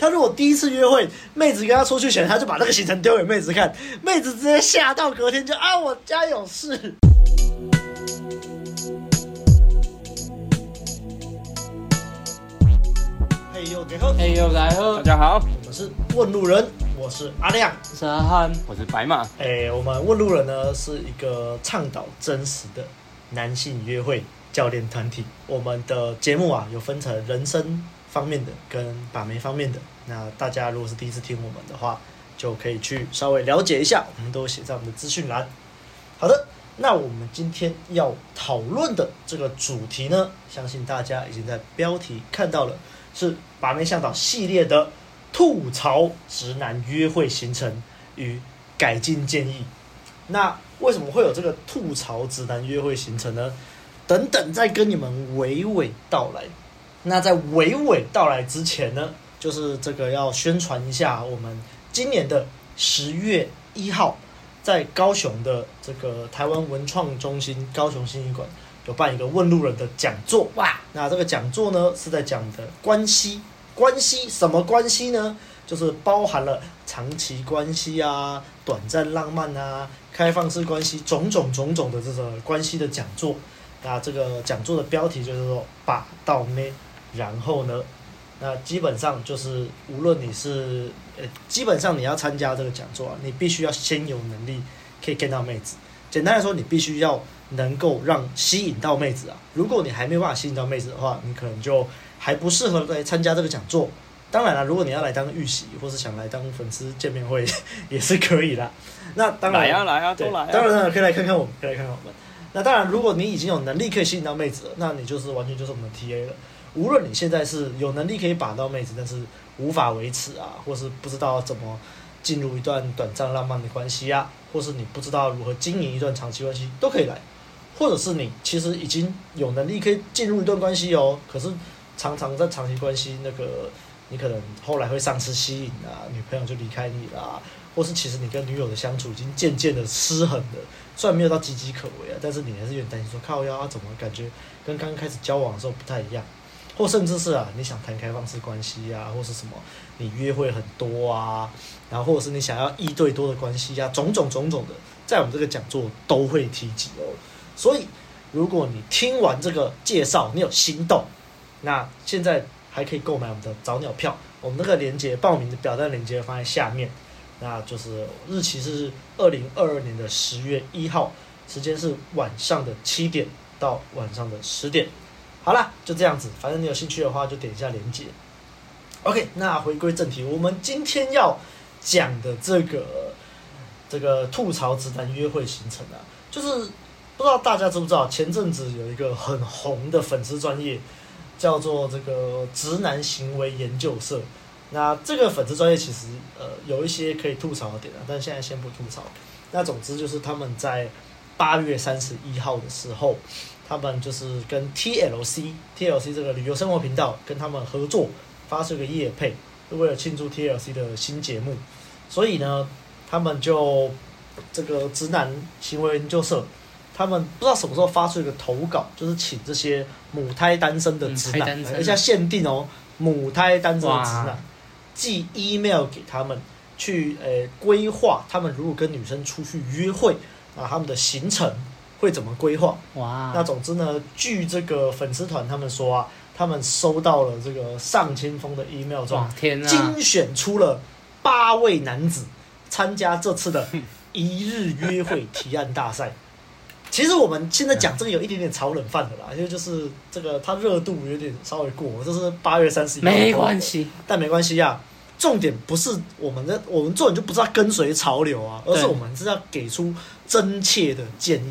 他如果第一次約會，妹子跟他出去前，他就把那個行程丟給妹子看，妹子直接嚇到，隔天就啊，我家有事。哎呦，你好！哎呦，你好！大家好，我們是問路人，我是阿亮，我是阿漢，我是白馬。哎、欸，我們問路人呢是一個倡導真實的男性約會教練團體。我們的節目啊有分成人生。方面的跟把妹方面的，那大家如果是第一次聽我們的話，就可以去稍微了解一下，我們都寫在我們的資訊欄。好的，那我們今天要討論的這個主題呢，相信大家已經在標題看到了，是把妹向導系列的吐槽直男約會行程與改進建議。那為什麼會有這個吐槽直男約會行程呢？等等，再跟你們娓娓道來。那在娓娓道來之前呢，就是這個要宣傳一下，我們今年的十月一號，在高雄的這個台灣文創中心高雄新藝館有辦一個問路人的講座哇！那這個講座呢是在講的關係。關係什麼關係呢？就是包含了長期關係啊、短暫浪漫啊、開放式關係種種種種的這個關係的講座。那這個講座的標題就是說把到咩？然後呢，那基本上就是，無論你是，呃，基本上你要參加這個講座啊，你必須要先有能力可以見到妹子。簡單來說，你必須要能夠讓吸引到妹子啊。如果你還沒辦法吸引到妹子的話，你可能就還不適合來參加這個講座。當然了、啊，如果你要來當預習，或是想來當粉絲見面會，也是可以啦。那當然來啊來啊，對都來、啊。當然了、啊，可以來看看我們，可以來看看我們。那當然，如果你已經有能力可以吸引到妹子了，那你就是完全就是我們的 TA 了。無論你現在是有能力可以把到妹子，但是無法維持啊，或是不知道怎麼進入一段短暫浪漫的關係啊，或是你不知道如何經營一段長期關係都可以來，或者是你其實已經有能力可以進入一段關係哦，可是常常在長期關係那個你可能後來會喪失吸引啊，女朋友就離開你啦、啊，或是其實你跟女友的相處已經漸漸的失衡了，雖然沒有到岌岌可危啊，但是你還是有點擔心說，靠腰、啊，怎麼感覺跟剛剛開始交往的時候不太一樣？或甚至是啊，你想談開放式關係啊，或是什麼你約會很多啊，然後或者是你想要一對多的關係啊，種種種種的，在我們這個講座都會提及哦。所以如果你聽完這個介紹你有心動，那現在還可以購買我們的早鳥票，我們那個鏈接報名的表單鏈接放在下面，那就是日期是二零二二年的十月一號，時間是晚上的七點到晚上的十點。好啦，就這樣子。反正你有興趣的話，就點一下連結。OK，那回歸正題，我們今天要講的這個這個吐槽直男約會行程啊，就是不知道大家知不知道，前陣子有一個很紅的粉絲專業，叫做這個直男行為研究社。那這個粉絲專業其實呃有一些可以吐槽的點了啊，但現在先不吐槽。那總之就是他們在八月三十一號的時候。他們就是跟 TLC TLC 這個旅遊生活頻道跟他們合作，發出一個業配，就為了慶祝 TLC 的新節目。所以呢，他們就這個直男行為研究社，他們不知道什麼時候發出一個投稿，就是請這些母胎單身的直男，而且現在限定哦，母胎單身的直男哇寄 email 給他們，去誒規劃他們如果跟女生出去約會啊，他們的行程。會怎麼規劃？哇！那總之呢，據這個粉絲團他們說啊，他們收到了這個上千封的 email 中，哇天啊、精選出了八位男子參加這次的一日約會提案大賽。 其實我們現在講這個有一點點炒冷飯的啦，因為就是這個它熱度有點稍微過，這是八月三十一號，沒關係，但沒關係呀、啊。重點不是我們的，我們做人就不知道跟隨潮流啊，而是我們是要給出真切的建議。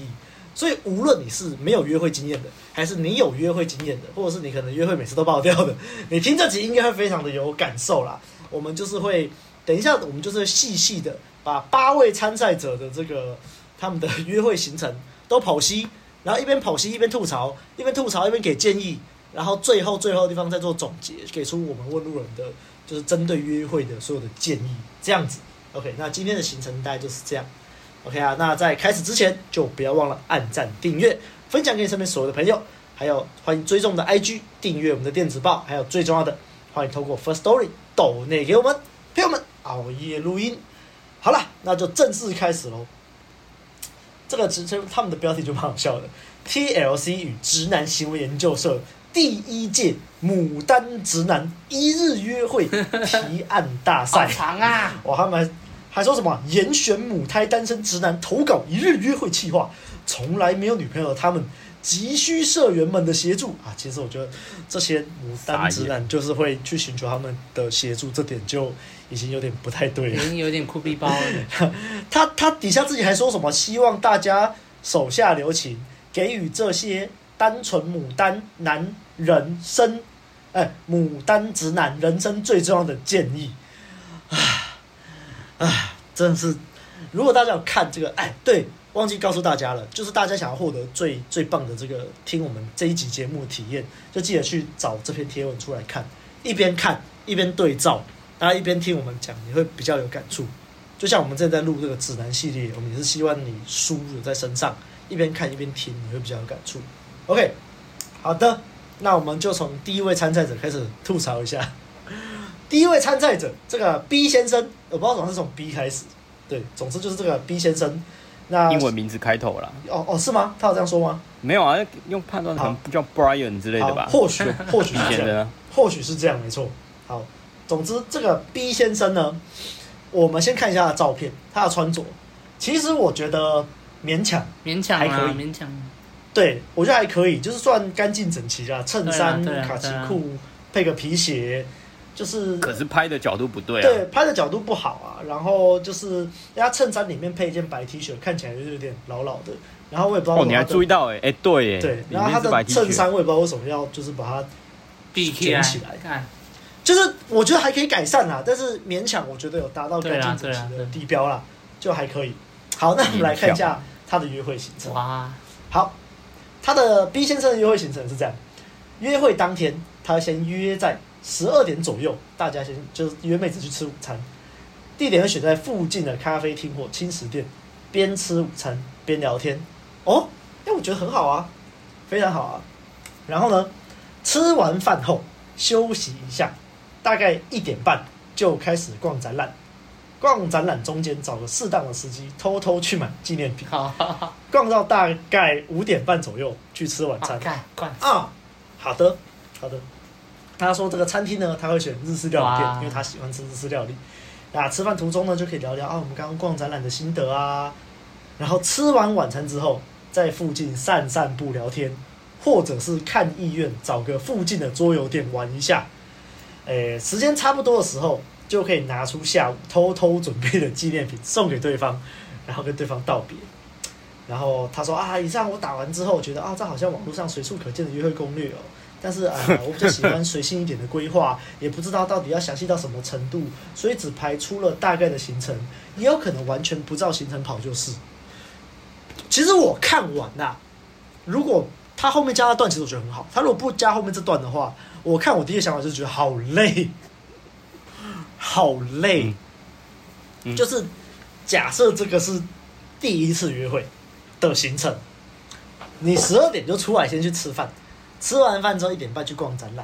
所以，無論你是沒有約會經驗的，還是你有約會經驗的，或者是你可能約會每次都爆掉的，你聽這集應該會非常的有感受啦。我們就是會等一下，我們就是細細的把八位參賽者的這個他們的約會行程都剖析，然後一邊剖析一邊吐槽，一邊吐槽一邊給建議，然後最後最後的地方再做總結，給出我們問路人的就是針對約會的所有的建議。這樣子，OK，那今天的行程大概就是這樣。OK 啊，那在開始之前就不要忘了按讚、訂閱、分享給你身邊所有的朋友，還有歡迎追蹤我們的 IG，訂閱我們的電子報，還有最重要的，歡迎透過 First Story 抖內給我們，陪我們熬夜錄音。好了，那就正式開始嘍。這個直稱他們的標題就蠻好笑的，TLC 與直男行為研究社第一屆牡丹直男一日約會提案大賽， 好長啊！哇，他們。還說什麼嚴選母胎單身直男投稿一日約會計劃，從來沒有女朋友，他們急需社員們的協助啊！其實我覺得這些母單直男就是會去尋求他們的協助，野這點就已經有點不太對了，已經有點酷逼包了。 他他底下自己還說什麼？希望大家手下留情，給予這些單純母單男人生，哎、欸，母單直男人生最重要的建議，唉。唉，真的是，如果大家有看這個，唉，對，忘記告訴大家了，就是大家想要獲得最最棒的這個聽我們這一集節目的體驗，就記得去找這篇貼文出來看，一邊看一邊對照，大家一邊聽我們講，你會比較有感觸。就像我們正在錄這個指南系列，我們也是希望你書有在身上，一邊看一邊聽，你會比較有感觸。OK，好的，那我們就從第一位參賽者開始吐槽一下。第一位參賽者，這個 B 先生，我不知道總是從 B 開始，對，總之就是這個 B 先生。那英文名字開頭了。哦哦，是嗎？他有這樣說嗎？沒有啊，用判斷他們叫 Brian 之類的吧。好，好，或許，或許是這樣，沒錯。好，總之這個 B 先生呢，我們先看一下他的照片，他的穿着。其實我覺得勉強，勉強、啊、還可以，勉強、啊。對，我覺得還可以，就是算乾淨整齊啦。襯衫、卡其褲啦配個皮鞋。就是，可是拍的角度不對、啊。對，拍的角度不好啊。然後就是，因為他襯衫裡面配一件白 T 恤，看起來就有點老老的。然後我也不知道、哦。你要注意到哎、欸、哎，對哎。對，然後他的襯衫，我也不知道為什麼要就是把它，捲起來 K,、啊、看。就是我覺得還可以改善啊，但是勉強我覺得有達到乾淨整齊的地標啦，啊啊、就還可以。好，那我們來看一下他的約會行程。哇，好，他的 B 先生的約會行程是這樣：約會當天，他先約在。十二點左右，大家先就是約妹子去吃午餐，地點要選在附近的咖啡廳或輕食店，邊吃午餐邊聊天。哦，哎，我覺得很好啊，非常好啊。然後呢，吃完飯後休息一下，大概一點半就開始逛展覽。逛展覽中間找個適當的時機，偷偷去買紀念品。好好好。逛到大概五點半左右，去吃晚餐。啊，好好。嗯，好的，好的。他說：“這個餐廳呢，他會選日式料理店，哇因為他喜歡吃日式料理。那吃飯途中呢，就可以聊聊啊，我們剛剛逛展覽的心得啊。然後吃完晚餐之後，在附近散散步聊天，或者是看意願，找個附近的桌遊店玩一下。誒、欸，時間差不多的時候，就可以拿出下午偷偷準備的紀念品送給對方，然後跟對方道別。然後他說啊，以上我打完之後，覺得啊，這好像網絡上隨處可見的約會攻略哦、喔。”但是啊，我比較喜歡隨性一點的規劃，也不知道到底要詳細到什麼程度，所以只排出了大概的行程，也有可能完全不照行程跑就是。其實我看完啦，啊，如果他後面加了段，其實我覺得很好。他如果不加後面這段的話，我看我第一個想法就覺得好累，好累。嗯嗯，就是假設這個是第一次約會的行程，你十二點就出來，先去吃飯。吃完飯之後一點半去逛展覽，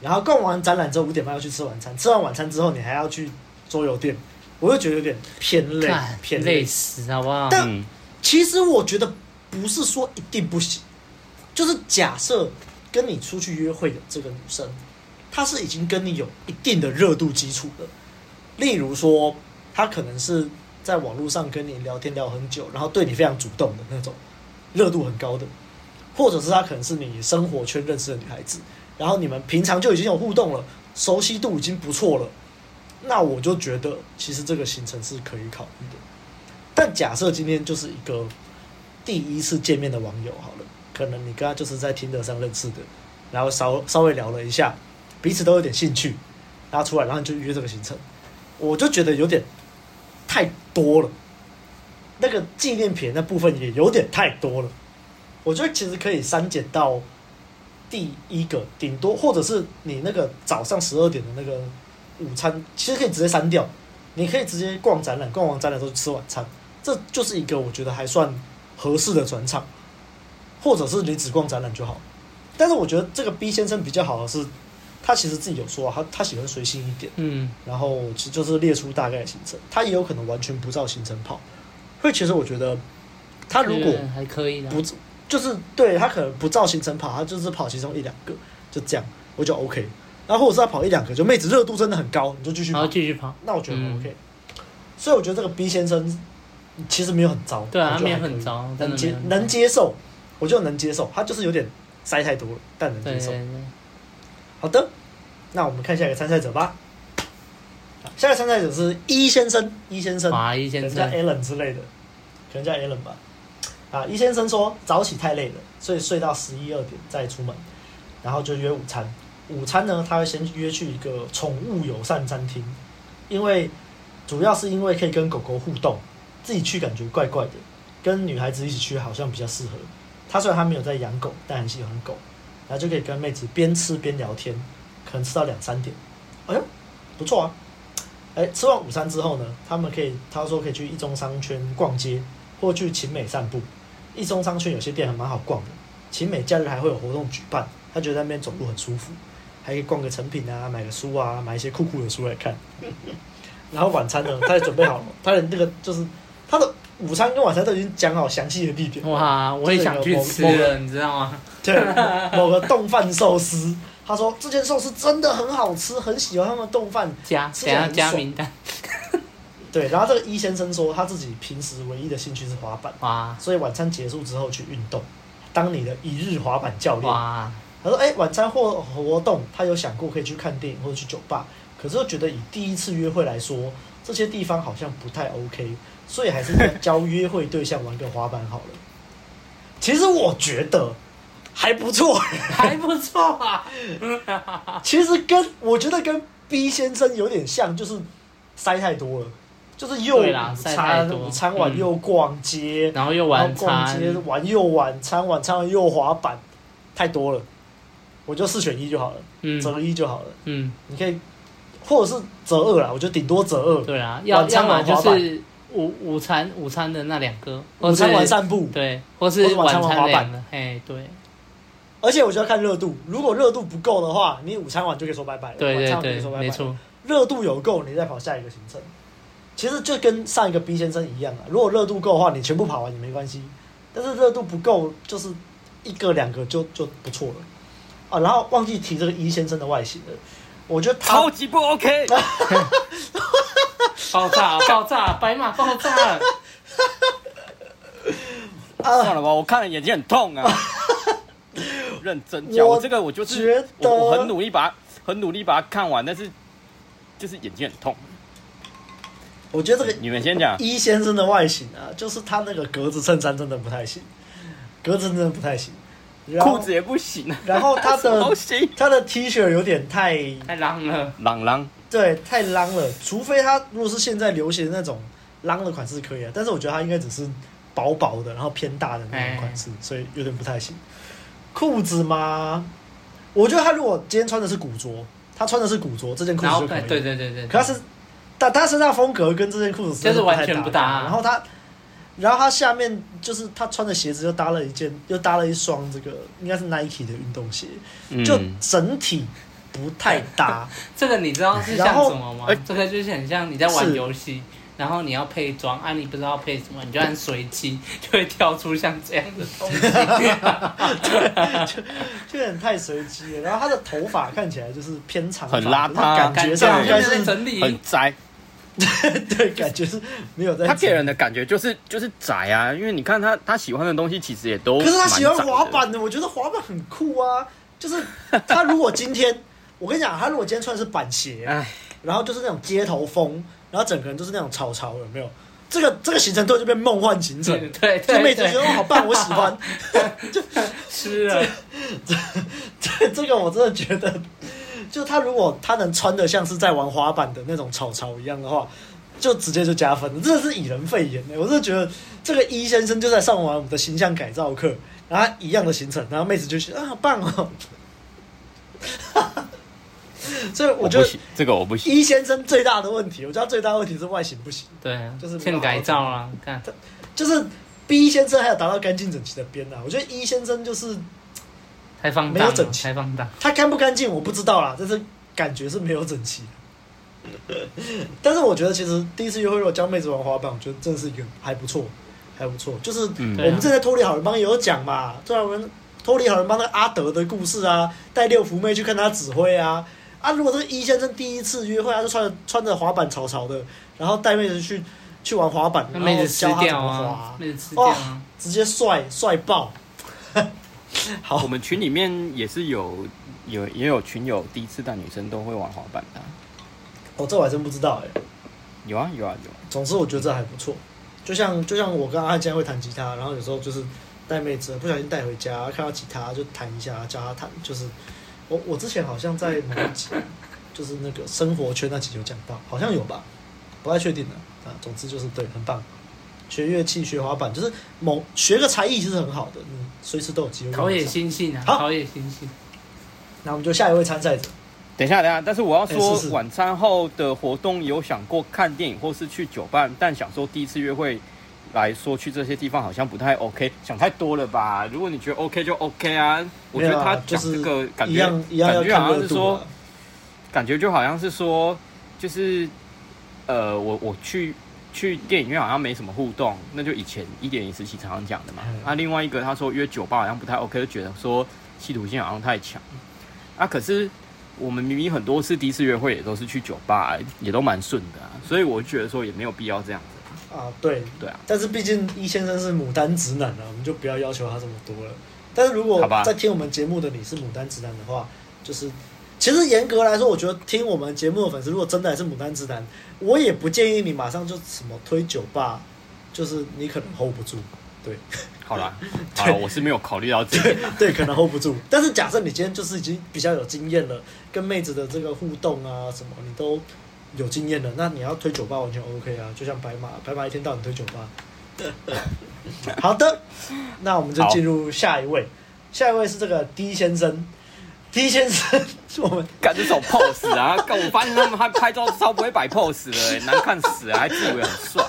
然後逛完展覽之後五點半要去吃晚餐。吃完晚餐之後，你還要去桌遊店，我就覺得有點偏累，偏累，累死，好不好？但其實我覺得不是說一定不行，就是假設跟你出去約會的這個女生，她是已經跟你有一定的熱度基礎的，例如說她可能是在網絡上跟你聊天聊很久，然後對你非常主動的那種，熱度很高的。或者是她可能是你生活圈認識的女孩子，然後你們平常就已經有互動了，熟悉度已經不錯了，那我就覺得其實這個行程是可以考慮的。但假設今天就是一個第一次見面的網友好了，可能你跟他就是在 Tinder 上認識的，然後稍稍微聊了一下，彼此都有點興趣，然後出來然後就約這個行程，我就覺得有點太多了，那個紀念品那部分也有點太多了。我覺得其實可以刪減到第一個，頂多或者是你那個早上十二點的那個午餐，其實可以直接刪掉。你可以直接逛展覽，逛完展覽之後就吃晚餐，這就是一個我覺得還算合適的轉場。或者是你只逛展覽就好。但是我覺得這個 B 先生比較好的是，他其實自己有說，他他喜歡隨性一點，嗯。然後其實就是列出大概的行程，他也有可能完全不照行程跑。所以其實我覺得他如果不。就是對他可能不照行程跑，他就是跑其中一兩個，就這樣我就 OK。然後或者是他跑一兩個，就妹子熱度真的很高，你就繼續跑，繼續跑。那我覺得 OK。嗯、所以我覺得這個 B 先生其實沒有很糟，對、啊，我覺得他沒很糟，很糟能接能接受，我就能接受。他就是有點塞太多了，但能接受。對對對，好的，那我們看下一個參賽者吧。下一個參賽者是 E 先生，E 先生，可能叫 Allen 之類的，可能叫 Allen 吧。啊，一先生說早起太累了，所以睡到十一二點再出門，然後就約午餐。午餐呢，他會先約去一個寵物友善餐廳，因為主要是因為可以跟狗狗互動，自己去感覺怪怪的，跟女孩子一起去好像比較適合。他雖然他沒有在養狗，但很喜歡狗，然後就可以跟妹子邊吃邊聊天，可能吃到兩三點。哎呀，不錯啊！哎、欸，吃完午餐之後呢，他們可以他說可以去一中商圈逛街，或去勤美散步。一中商圈有些店還蠻好逛的，勤美假日還會有活動舉辦。他覺得在那邊走路很舒服，還可以逛個誠品啊，買個書啊，買一些酷酷的書來看。 然後晚餐呢，他也準備好了， 他的那個就是他的午餐跟晚餐都已經講好詳細的地點。哇，我也想去吃了，你知道嗎？ 對，某個丼飯壽司，他說這間壽司真的很好吃，很喜歡他們丼飯加加名單。家民 對，然後這個一、E、先生說他自己平時唯一的興趣是滑板，哇所以晚餐結束之後去運動，當你的一日滑板教練。哇他說：“哎、欸，晚餐或活動，他有想過可以去看電影或者去酒吧，可是又覺得以第一次約會來說，這些地方好像不太 OK，所以還是教約會對象玩個滑板好了。” 其實我覺得還不錯，還不錯啊。 其實跟我覺得跟 B 先生有點像，就是塞太多了。就是又午餐午餐完又逛街，然後又玩逛街玩又晚餐晚餐又滑板，太多了，我就四選一就好了，嗯，擇一就好了，嗯，你可以或者是擇二啦，我就頂多擇二，對啊，晚餐完滑板，午午餐午餐的那兩個，午餐完散步，對，或是晚餐完滑板的，哎，對，而且我就要看熱度，如果熱度不夠的話，你午餐完就可以說拜拜，對對對，沒錯，熱度有夠，你再跑下一個行程。其實就跟上一個 B 先生一樣啊，如果熱度夠的話，你全部跑完也沒關係。但是熱度不夠，就是一個兩個就就不錯了啊。然後忘記提這個 E 先生的外形了，我覺得他超級不 OK 爆。爆炸！爆炸！白馬爆炸！算了吧，我看了眼睛很痛啊。 認真講，我，覺得我這個我就是我，我很努力把他很努力把它看完，但是就是眼睛很痛。我覺得這個你們先講伊先生的外形啊，就是他那個格子襯衫真的不太行，格子真的不太行，褲子也不行，啊。然後他的 他的 T 恤有點太太 long 了，long long 浪對，太 long 了。除非他如果是現在流行那種 long 的款式可以，啊，但是我覺得他應該只是薄薄的，然後偏大的那種款式，哎、所以有點不太行。褲子嘛，我覺得他如果今天穿的是古着，他穿的是古着，這件褲子可以。對對對對，對，可是。但他身上風格跟這件褲子是完全不搭，然後他，然後他下面就是他穿的鞋子又搭了一件，又搭了一雙這個應該是 Nike 的運動鞋，就整體不太搭。這個你知道是像什麼嗎？這個就是很像你在玩遊戲，然後你要配裝，啊你不知道配什麼，你就很隨機就會跳出像這樣的東西，對，就就有點太隨機了。然後他的頭髮看起來就是偏長，很邋遢，感覺上就是整理，很宅。 對，感覺是沒有在。他給人的感覺就是就是宅啊，因為你看他他喜歡的東西其實也都。可是他喜歡滑板的，我覺得滑板很酷啊。就是他如果今天， 我跟你講，他如果今天穿的是板鞋，唉然後就是那種街頭風，然後整個人就是那種潮潮的，有沒有？這個這個行程隊就變夢幻行程，對，對，對，這妹子覺得好棒， 我喜歡。 就是啊了，這這個我真的覺得。就他如果他能穿的像是在玩滑板的那種草草一樣的話，就直接就加分了。真的是以人廢言。欸、我是覺得這個一、e、先生就在上完我們的形象改造課，然後一樣的行程，然後妹子就去啊，好棒哦！哈哈，所以我覺得我，這個我不行。一、e、先生最大的問題，我知道最大的問題是外形不行。對啊，就是騙改造啊，看，就是 B 先生還有達到乾淨整齊的邊啊，我覺得一、e、先生就是。太放大，沒有整齊太放大。他乾不乾淨我不知道啦，但是感覺是沒有整齊、啊。 但是我覺得其實第一次約會，如果教妹子玩滑板，我覺得真的是一個還不錯，還不錯。就是我們正在脫離好人幫也有講嘛，對啊，脫離好人幫的阿德的故事啊，帶六福妹去看他指揮啊啊！如果這個一先生第一次約會，他就穿着穿着滑板潮潮的，然後帶妹子去去玩滑板，然後教他怎麼滑、啊，直接帥帥爆。 好，我們群裡面也是有，有也有群友第一次帶女生都會玩滑板的、啊。哦，這我還真不知道哎、欸啊。有啊有啊有。總之我覺得這還不錯，就像就像我跟阿健會彈吉他，然後有時候就是帶妹子不小心帶回家，看到吉他就彈一下，教她彈就是。我我之前好像在某一集就是那個生活圈那集有講到，好像有吧，不太確定了啊。總之就是對，很棒。學樂器、學滑板，就是某學個才藝，其實很好的。嗯，隨時都有機會。陶冶心性啊！好，陶冶心性。那我們就下一位參賽者。等一下，等一下。但是我要說，欸、是是晚餐後的活動有想過看電影或是去酒吧，但想說第一次約會來說去這些地方好像不太 OK，想太多了吧？如果你覺得 OK 就 OK 啊。我覺得他講、就是、這個感覺感覺好像是說，感覺就好像是說，就是呃，我我去。去電影院好像沒什麼互動，那就以前一點零時期常常講的嘛。那、嗯啊、另外一個他說約酒吧好像不太 OK，就覺得說企圖性好像太強。啊，可是我們明明很多次第一次約會也都是去酒吧、欸，也都蠻順的啊，所以我覺得說也沒有必要這樣子。啊，對對啊。但是畢竟易先生是牡丹直男啊，我們就不要要求他這麼多了。但是如果在聽我們節目的你是牡丹直男的話，就是。其實嚴格來說，我覺得聽我們節目的粉絲，如果真的還是母單之男，我也不建議你馬上就什麼推酒吧，就是你可能 hold 不住。對，好啦，好啦對我是沒有考慮到這對，對， 對，可能 hold 不住。但是假設你今天就是已經比較有經驗了，跟妹子的這個互動啊什麼，你都有經驗了，那你要推酒吧完全 OK 啊，就像白馬，白馬一天到晚推酒吧。好的，那我們就進入下一位，好下一位是這個 D 先生。D 先生，是我們搞這種 pose 啊！我發現他們他拍照超不會擺 pose 的，難看死啊！還自以為很帥。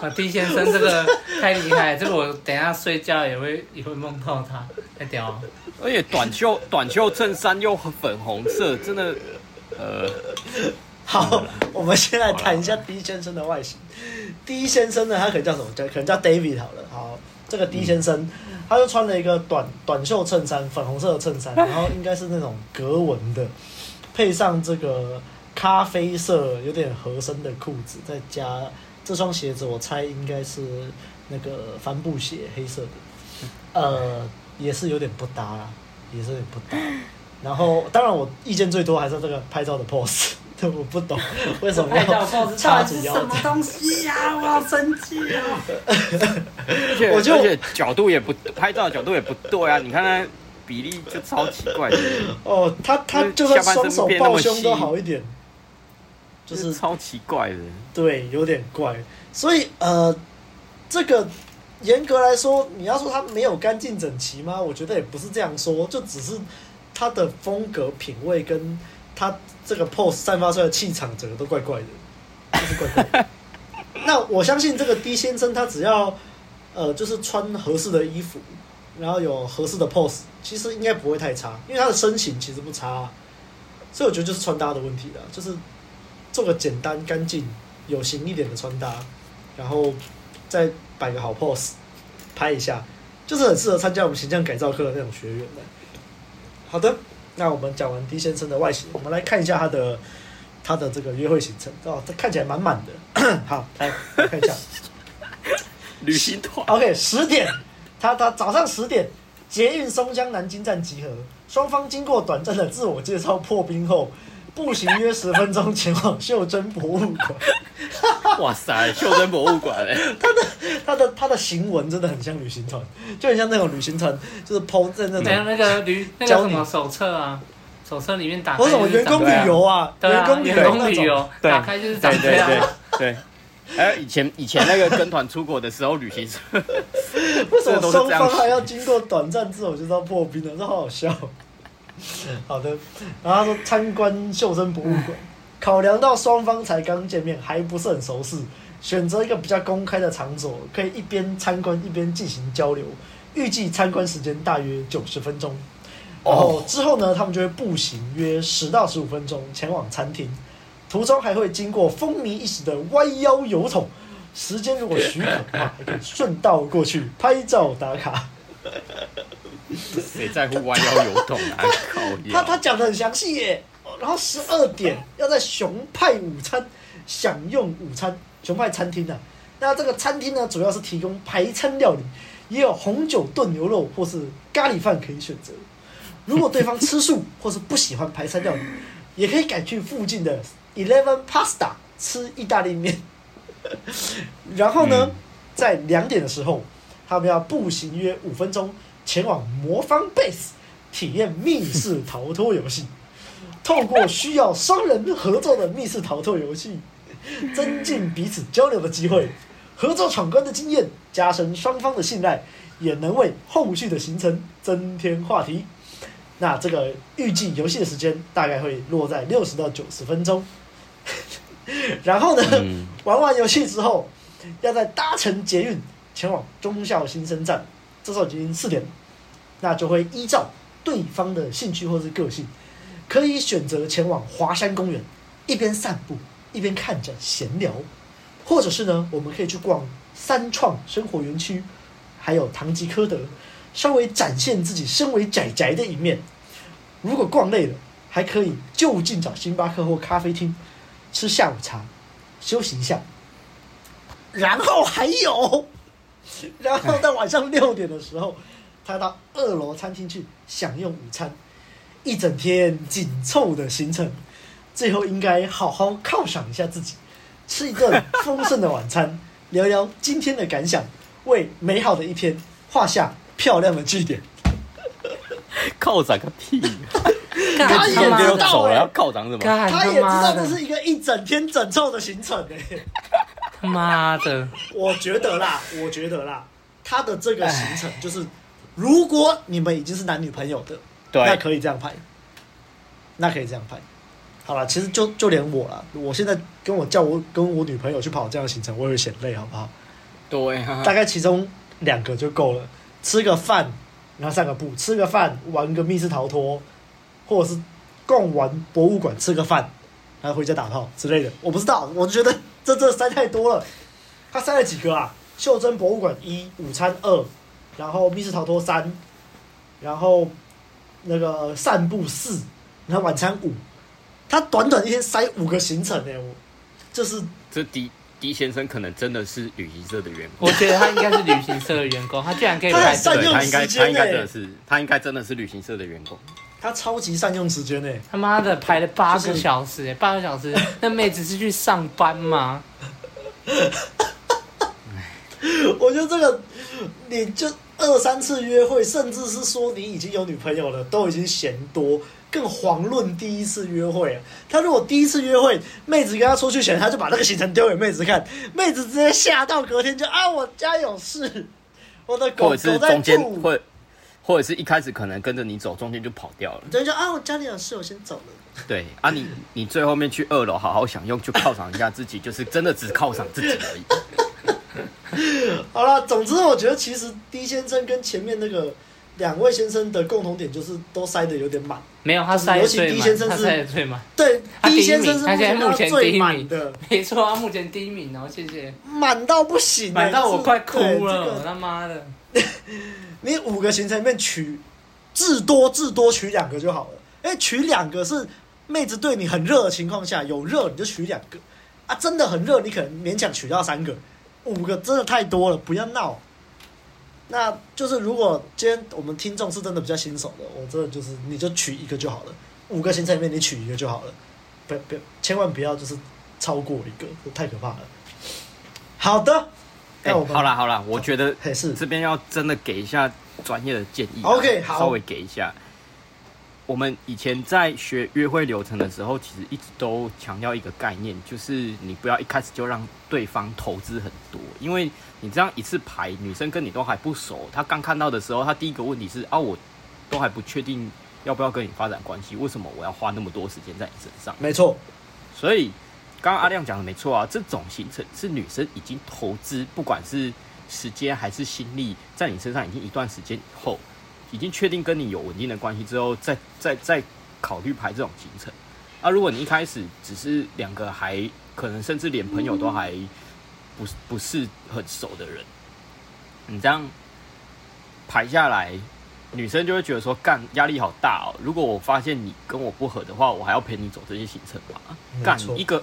啊，D 先生這個太厲害，這個我等一下睡覺也會也會夢到他，太屌了。而且短袖短袖襯衫又粉紅色，真的，呃，好，嗯、我們先來談一下 D 先生的外形。啦 D 先生呢，他可以叫什麼叫？叫可能叫 David 好了。好，這個 D 先生。嗯他就穿了一個短短袖襯衫，粉紅色的襯衫，然後應該是那種格紋的，配上這個咖啡色有點合身的褲子，再加這雙鞋子，我猜應該是那個帆布鞋，黑色的，呃，也是有點不搭啦，也是有點不搭。然後，當然我意見最多還是這個拍照的 pose。 我不懂為什麼要拍照 pose 差什麼東西呀、啊？ 我好生氣啊 我就！而且而且角度也不拍照角度也不對啊！你看他比例就超奇怪的哦。他他就算雙手抱胸都好一點，就是,就是超奇怪的。對，有點怪。所以呃，這個嚴格來說，你要說他沒有乾淨整齊嗎？我覺得也不是這樣說，就只是他的風格品味跟他。這個 pose 散發出來的氣場整個都怪怪的，就是怪怪的。那我相信這個 D 先生他只要呃就是穿合適的衣服，然後有合適的 pose，其實應該不會太差，因為他的身形其實不差，所以我覺得就是穿搭的問題了，就是做個簡單乾淨、有型一點的穿搭，然後再擺個好 pose 拍一下，就是很適合參加我們形象改造課的那種學員的。好的。那我們講完 D 先生的外形，我們來看一下他的他的這個約會行程哦，這看起來滿滿的。 好，來 看一下，旅行團。OK，十點，他他早上十點，捷運松江南京站集合。雙方經過短暫的自我介紹破冰後，步行約十分鐘前往袖珍博物館。哇塞，袖珍博物館哎、欸，他的他的他的行文真的很像旅行團，就很像那種旅行團，就是 po 在那種、嗯，等有你那個旅，教什麼手冊啊，手冊裡面打開就我什麼員工旅遊啊，員工、啊啊啊、員工旅遊對，打開就是這樣。對對對，哎、欸，以前以前那個跟團出國的時候，旅行社為什麼雙方還要經過短暫之後就知道破冰了？這好好笑。 好的，然後他說參觀袖珍博物館。考量到雙方才剛見面，還不是很熟識，選擇一個比較公開的場所，可以一邊參觀一邊進行交流。預計參觀時間大約九十分鐘。然後之後呢，他們就會步行約十到十五分鐘前往餐廳，途中還會經過風靡一時的歪腰郵筒，時間如果許可的話，還可以順道過去拍照打卡。誰在乎彎腰有痛、啊 他，他他，他講的很詳細耶。然後十二點要在熊派午餐享用午餐，熊派餐廳的、啊。那這個餐廳呢，主要是提供排餐料理，也有紅酒燉牛肉或是咖喱飯可以選擇。如果對方吃素或是不喜歡排餐料理， 也可以改去附近的 Eleven Pasta 吃意大利麵。然後呢，嗯、2 在兩點的時候，他們要步行約五分鐘。前往魔方 base 體驗密室逃脫遊戲，透過需要雙人合作的密室逃脫遊戲，增進彼此交流的機會，合作闖關的經驗，加深雙方的信賴，也能為後續的行程增添話題。那這個預計遊戲的時間大概會落在六十到九十分鐘。 然後呢，嗯、玩完遊戲之後，要再搭乘捷運前往忠孝新生站。這時候已經四點了，那就會依照對方的興趣或是個性，可以選擇前往華山公園，一邊散步，一邊看着閒聊，或者是呢，我們可以去逛三創生活園區，還有唐吉訶德，稍微展現自己身為宅宅的一面。如果逛累了，還可以就近找星巴克或咖啡廳，吃下午茶，休息一下。然後還有。然後到晚上六點的時候，他到二樓餐廳去享用午餐。一整天緊湊的行程，最後應該好好犒賞一下自己，吃一頓豐盛的晚餐，聊聊今天的感想，為美好的一天畫下漂亮的句點。犒賞個屁！ 他也溜走了，要犒賞什麼？他也知道這是一個一整天緊湊的行程欸媽的！我覺得啦，我覺得啦，他的這個行程就是，唉如果你們已經是男女朋友的，對，那可以這樣拍，那可以這樣拍。好了，其實就就連我啦，我現在跟我叫我跟我女朋友去跑這樣行程，我也會嫌累，好不好？對啊，大概其中兩個就夠了，吃個飯，然後散個步，吃個飯，玩個密室逃脫，或者是逛完博物館吃個飯。還回家打炮之類的，我不知道，我就覺得這這塞太多了。他塞了幾個啊？袖珍博物館一，午餐二，然後密室逃脫三，然後那個散步四，然後晚餐五。他短短一天塞五個行程呢、欸，我、就是、這是這狄狄先生可能真的是旅行社的員工。我覺得他應該是旅行社的員工， 他竟然可以利用時間、欸、他應該，他應該真的是，他應該真的是旅行社的員工。他超級善用時間誒、欸，他媽的排了八個小時、欸，就是、八個小時。那妹子是去上班嗎？ 我覺得這個，你就二三次約會，甚至是說你已經有女朋友了，都已經嫌多，更遑論第一次約會、啊。他如果第一次約會，妹子跟他出去前，他就把那個行程丟給妹子看，妹子直接嚇到，隔天就啊，我家有事，我的狗子我在吐。或者是一開始可能跟着你走，中間就跑掉了。有人說啊，我家裡有事，我先走了。對啊，你你最後面去二樓好好享用，去犒賞一下自己，就是真的只犒賞自己而已。好了，總之我覺得其實 D 先生跟前面那個兩位先生的共同點就是都塞的有點滿。沒有，他是尤其 D 先生是塞的最滿。對，D 先生是目前最滿的。沒錯啊，目前第一名哦，謝謝。滿到不行，滿到我快哭了，他媽的。你五個行程裡面取，至多至多取兩個就好了。哎，取兩個是妹子對你很熱的情況下，有熱你就取兩個啊，真的很熱，你可能勉強取到三個，五個真的太多了，不要鬧。那就是如果今天我們聽眾是真的比較新手的，我真的就是你就取一個就好了，五個行程裡面你取一個就好了，不要不要，千萬不要就是超過一個，這太可怕了。好的。欸、好了好了，我覺得這邊要真的給一下專業的建議。OK，好，稍微給一下。我們以前在學約會流程的時候，其實一直都強調一個概念，就是你不要一開始就讓對方投資很多，因為你這樣一次排，女生跟你都還不熟，她剛看到的時候，她第一個問題是啊，我都還不確定要不要跟你發展關係，為什麼我要花那麼多時間在你身上？沒錯，所以。剛剛阿亮講的沒錯啊，這種行程是女生已經投資，不管是時間還是心力，在你身上已經一段時間以後，已經確定跟你有穩定的關係之後，再再再考慮排這種行程。那、啊、如果你一開始只是兩個還可能甚至連朋友都還不不是很熟的人，你這樣排下來，女生就會覺得說：“幹壓力好大哦！”如果我發現你跟我不合的話，我還要陪你走這些行程嗎？沒錯。幹一個。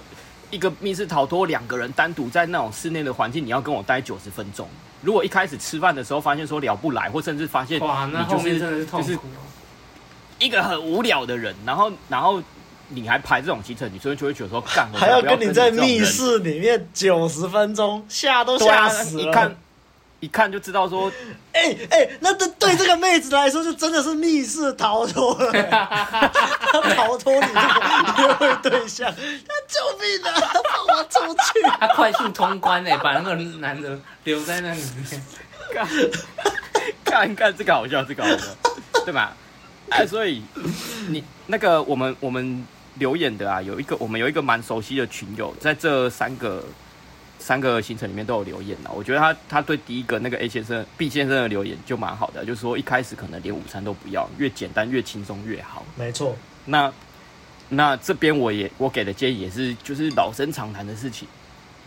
一個密室逃脫，兩個人單獨在那種室內的環境，你要跟我待九十分鐘。如果一開始吃飯的時候發現說聊不來，或甚至發現哇，你就是,面就,是就是一個很無聊的人，然後然後你還排這種行程你所以就會覺得說幹，還要跟你在密室裡面九十分鐘，嚇都嚇死了。一看就知道說，哎、欸、哎、欸，那對對這個妹子來說，就真的是密室逃脫了， 逃脫你這個約會對象，他救命啊，放我出去！她快速通關誒，把那個男的留在那裡面，看看，看這個好笑，這個好笑， 對吧？哎，所以你那個我們我們留言的啊，有一個我們有一個蠻熟悉的群友，在這三個。三個行程裡面都有留言了，我覺得他他對第一個那個 A 先生、B 先生的留言就蠻好的，就是說一開始可能連午餐都不要，越簡單越輕鬆越好。沒錯，那那這邊我也我給的建議也是，就是老生常談的事情，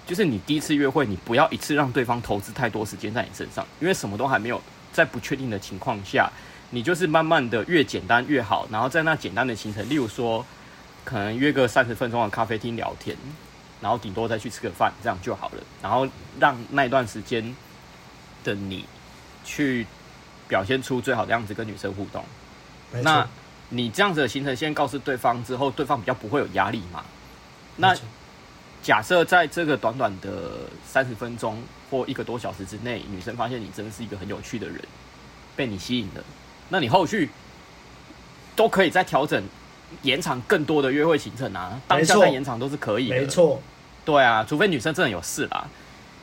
就是你第一次約會，你不要一次讓對方投資太多時間在你身上，因為什麼都還沒有，在不確定的情況下，你就是慢慢的越簡單越好，然後在那簡單的行程，例如說可能約個三十分鐘的咖啡廳聊天。然後頂多再去吃個飯，這樣就好了。然後讓那一段時間的你去表現出最好的樣子，跟女生互動。沒錯，那你這樣子的行程先告訴對方之後，對方比較不會有壓力嘛？沒錯，那假設在這個短短的三十分鐘或一個多小時之內，女生發現你真的是一個很有趣的人，被你吸引了，那你後續都可以再調整延長更多的約會行程啊。當下再延長都是可以的，沒錯。沒錯。對啊，除非女生真的有事啦。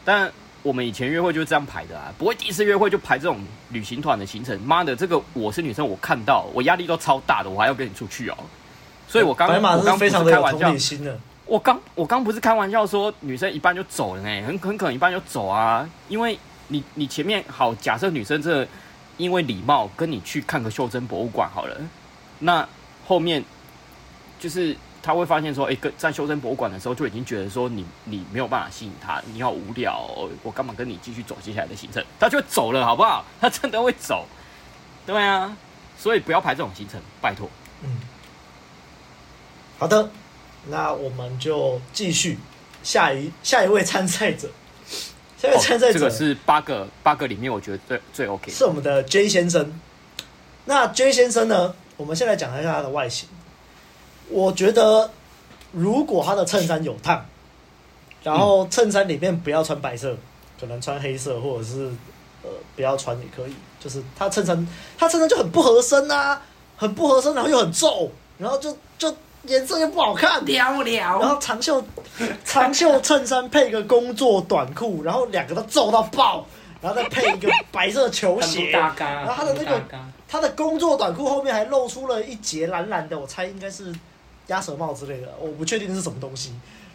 但我們以前約會就是這樣排的啊，不會第一次約會就排這種旅行團的行程。媽的，這個我是女生，我看到我壓力都超大的，我還要跟你出去哦。所以我剛我剛不是開玩笑，我剛我剛不是開玩笑說女生一半就走了呢，很很可能一半就走啊，因為你你前面好假設女生真的因為禮貌跟你去看個袖珍博物館好了，那後面就是。他會發現說：“哎，個，在修真博物館的時候就已經覺得說你你沒有辦法吸引他，你好無聊哦，我幹嘛跟你繼續走接下來的行程？”他就走了，好不好？他真的會走，對啊，所以不要排這種行程，拜托。嗯，好的，那我們就繼續下一下一位參賽者，下一位參賽者這個是八個八個裡面我覺得最最 OK 的是我們的 J 先生。那 J 先生呢？我們先來講一下他的外形。我覺得，如果他的襯衫有燙，然後襯衫裡面不要穿白色，可能穿黑色或者是，呃，不要穿也可以。就是他襯衫，他襯衫就很不合身啊，很不合身，然後又很皺，然後就就顏色又不好看，屌屌。然後長袖，長袖襯衫配個工作短褲，然後兩個都皺到爆，然後再配一個白色球鞋，然後他的那個他的工作短褲後面還露出了一截藍藍的，我猜應該是。鴨舌帽之類的，我不確定是什麼東西，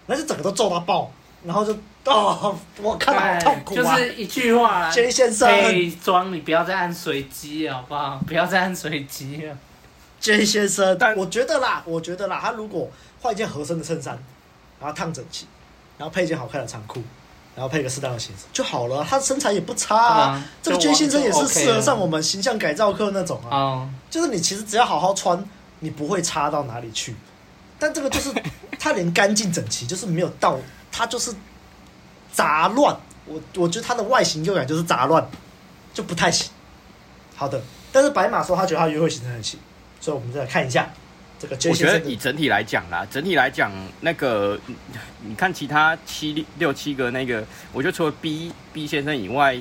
那就整個都皺到爆，然後就哦，我看到好痛苦啊！就是一句話，J 先生，配裝你不要再按隨機，好不好？不要再按隨機，J 先生，但對我覺得啦，我覺得啦，他如果換一件合身的襯衫，然後燙整齊，然後配一件好看的長褲，然後配個適當的鞋子就好了。他身材也不差、啊，啊、這個 J 先生也是適合上我們形象改造課那種啊，就，就，OK、就是你其實只要好好穿，你不會差到哪裡去。但這個就是他連乾淨整齊，就是沒有到他就是雜亂。我我覺得他的外形優雅就是雜亂，就不太行。好的，但是白馬說他覺得他約會行程很行，所以我們再來看一下這個 J 先生。我覺得以整體來講啦，整體來講，那個你看其他七六七個那個，我覺得除了 B B 先生以外，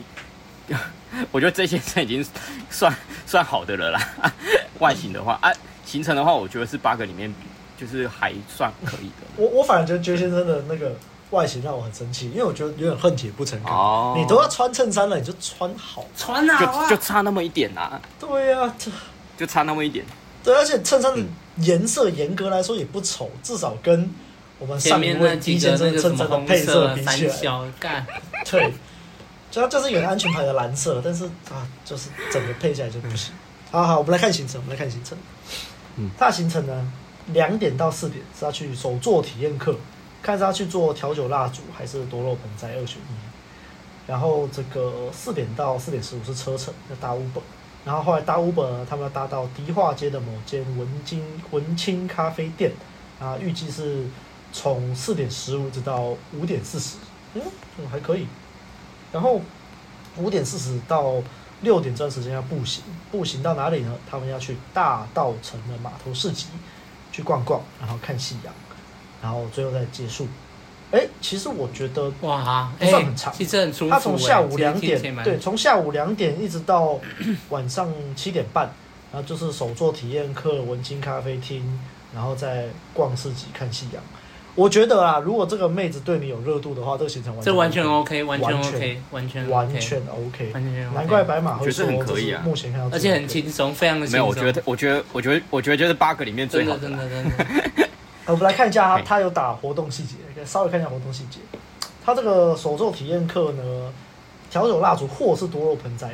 我覺得 J 先生已經算算好的了啦。啊、外形的話，啊，行程的話，我覺得是八個裡面。比。就是還算可以的。我我反正覺得絕先生的那個外形，讓我很生氣，因為我覺得有點恨鐵不成鋼。你都要穿襯衫了，你就穿好，穿啊！就差那麼一點啊！對啊，就差那麼一點。對，而且襯衫顏色嚴格來說也不醜，至少跟我們上一位絕先生襯衫的配色比起來，對，就就是有安全牌的藍色，但是啊，就是整個配起來就不行。好好，我們來看行程，我們來看行程。嗯，大行程呢？兩點到四點是要去手作體驗課，看是要去做調酒蠟燭還是多肉盆栽二選一。然後這個四點到四點十五是車程，要搭 Uber。然後後來搭 Uber，他們要搭到迪化街的某間文青文青咖啡店。啊，預計是從四點十五直到五點四十，嗯，還可以。然後五點四十到六點這段時間要步行，步行到哪裡呢？他們要去大稻埕的碼頭市集。去逛逛，然後看夕陽，然後最後再結束。哎，其實我覺得，哇，不算很長，其實很舒服。他從下午兩點，對，從下午兩點一直到晚上七點半，然後就是手作體驗課、文青咖啡廳，然後再逛市集、看夕陽。我覺得啊，如果這個妹子對你有熱度的話，這個、行程完全 OK, 這完全 OK，完全,完全 OK，完全 OK，完全 OK, 完全、OK,。完全 OK, 難怪白馬會說我可以、啊、是目前看到最、OK，而且很輕鬆，非常的輕鬆。沒有，我覺得，我覺得，我覺得，我覺得就是八個裡面最好的。真的真的真的。我們來看一下它，他他有打活動細節，稍微看一下活動細節。他這個手作體驗課呢，調酒蠟燭或是多肉盆栽。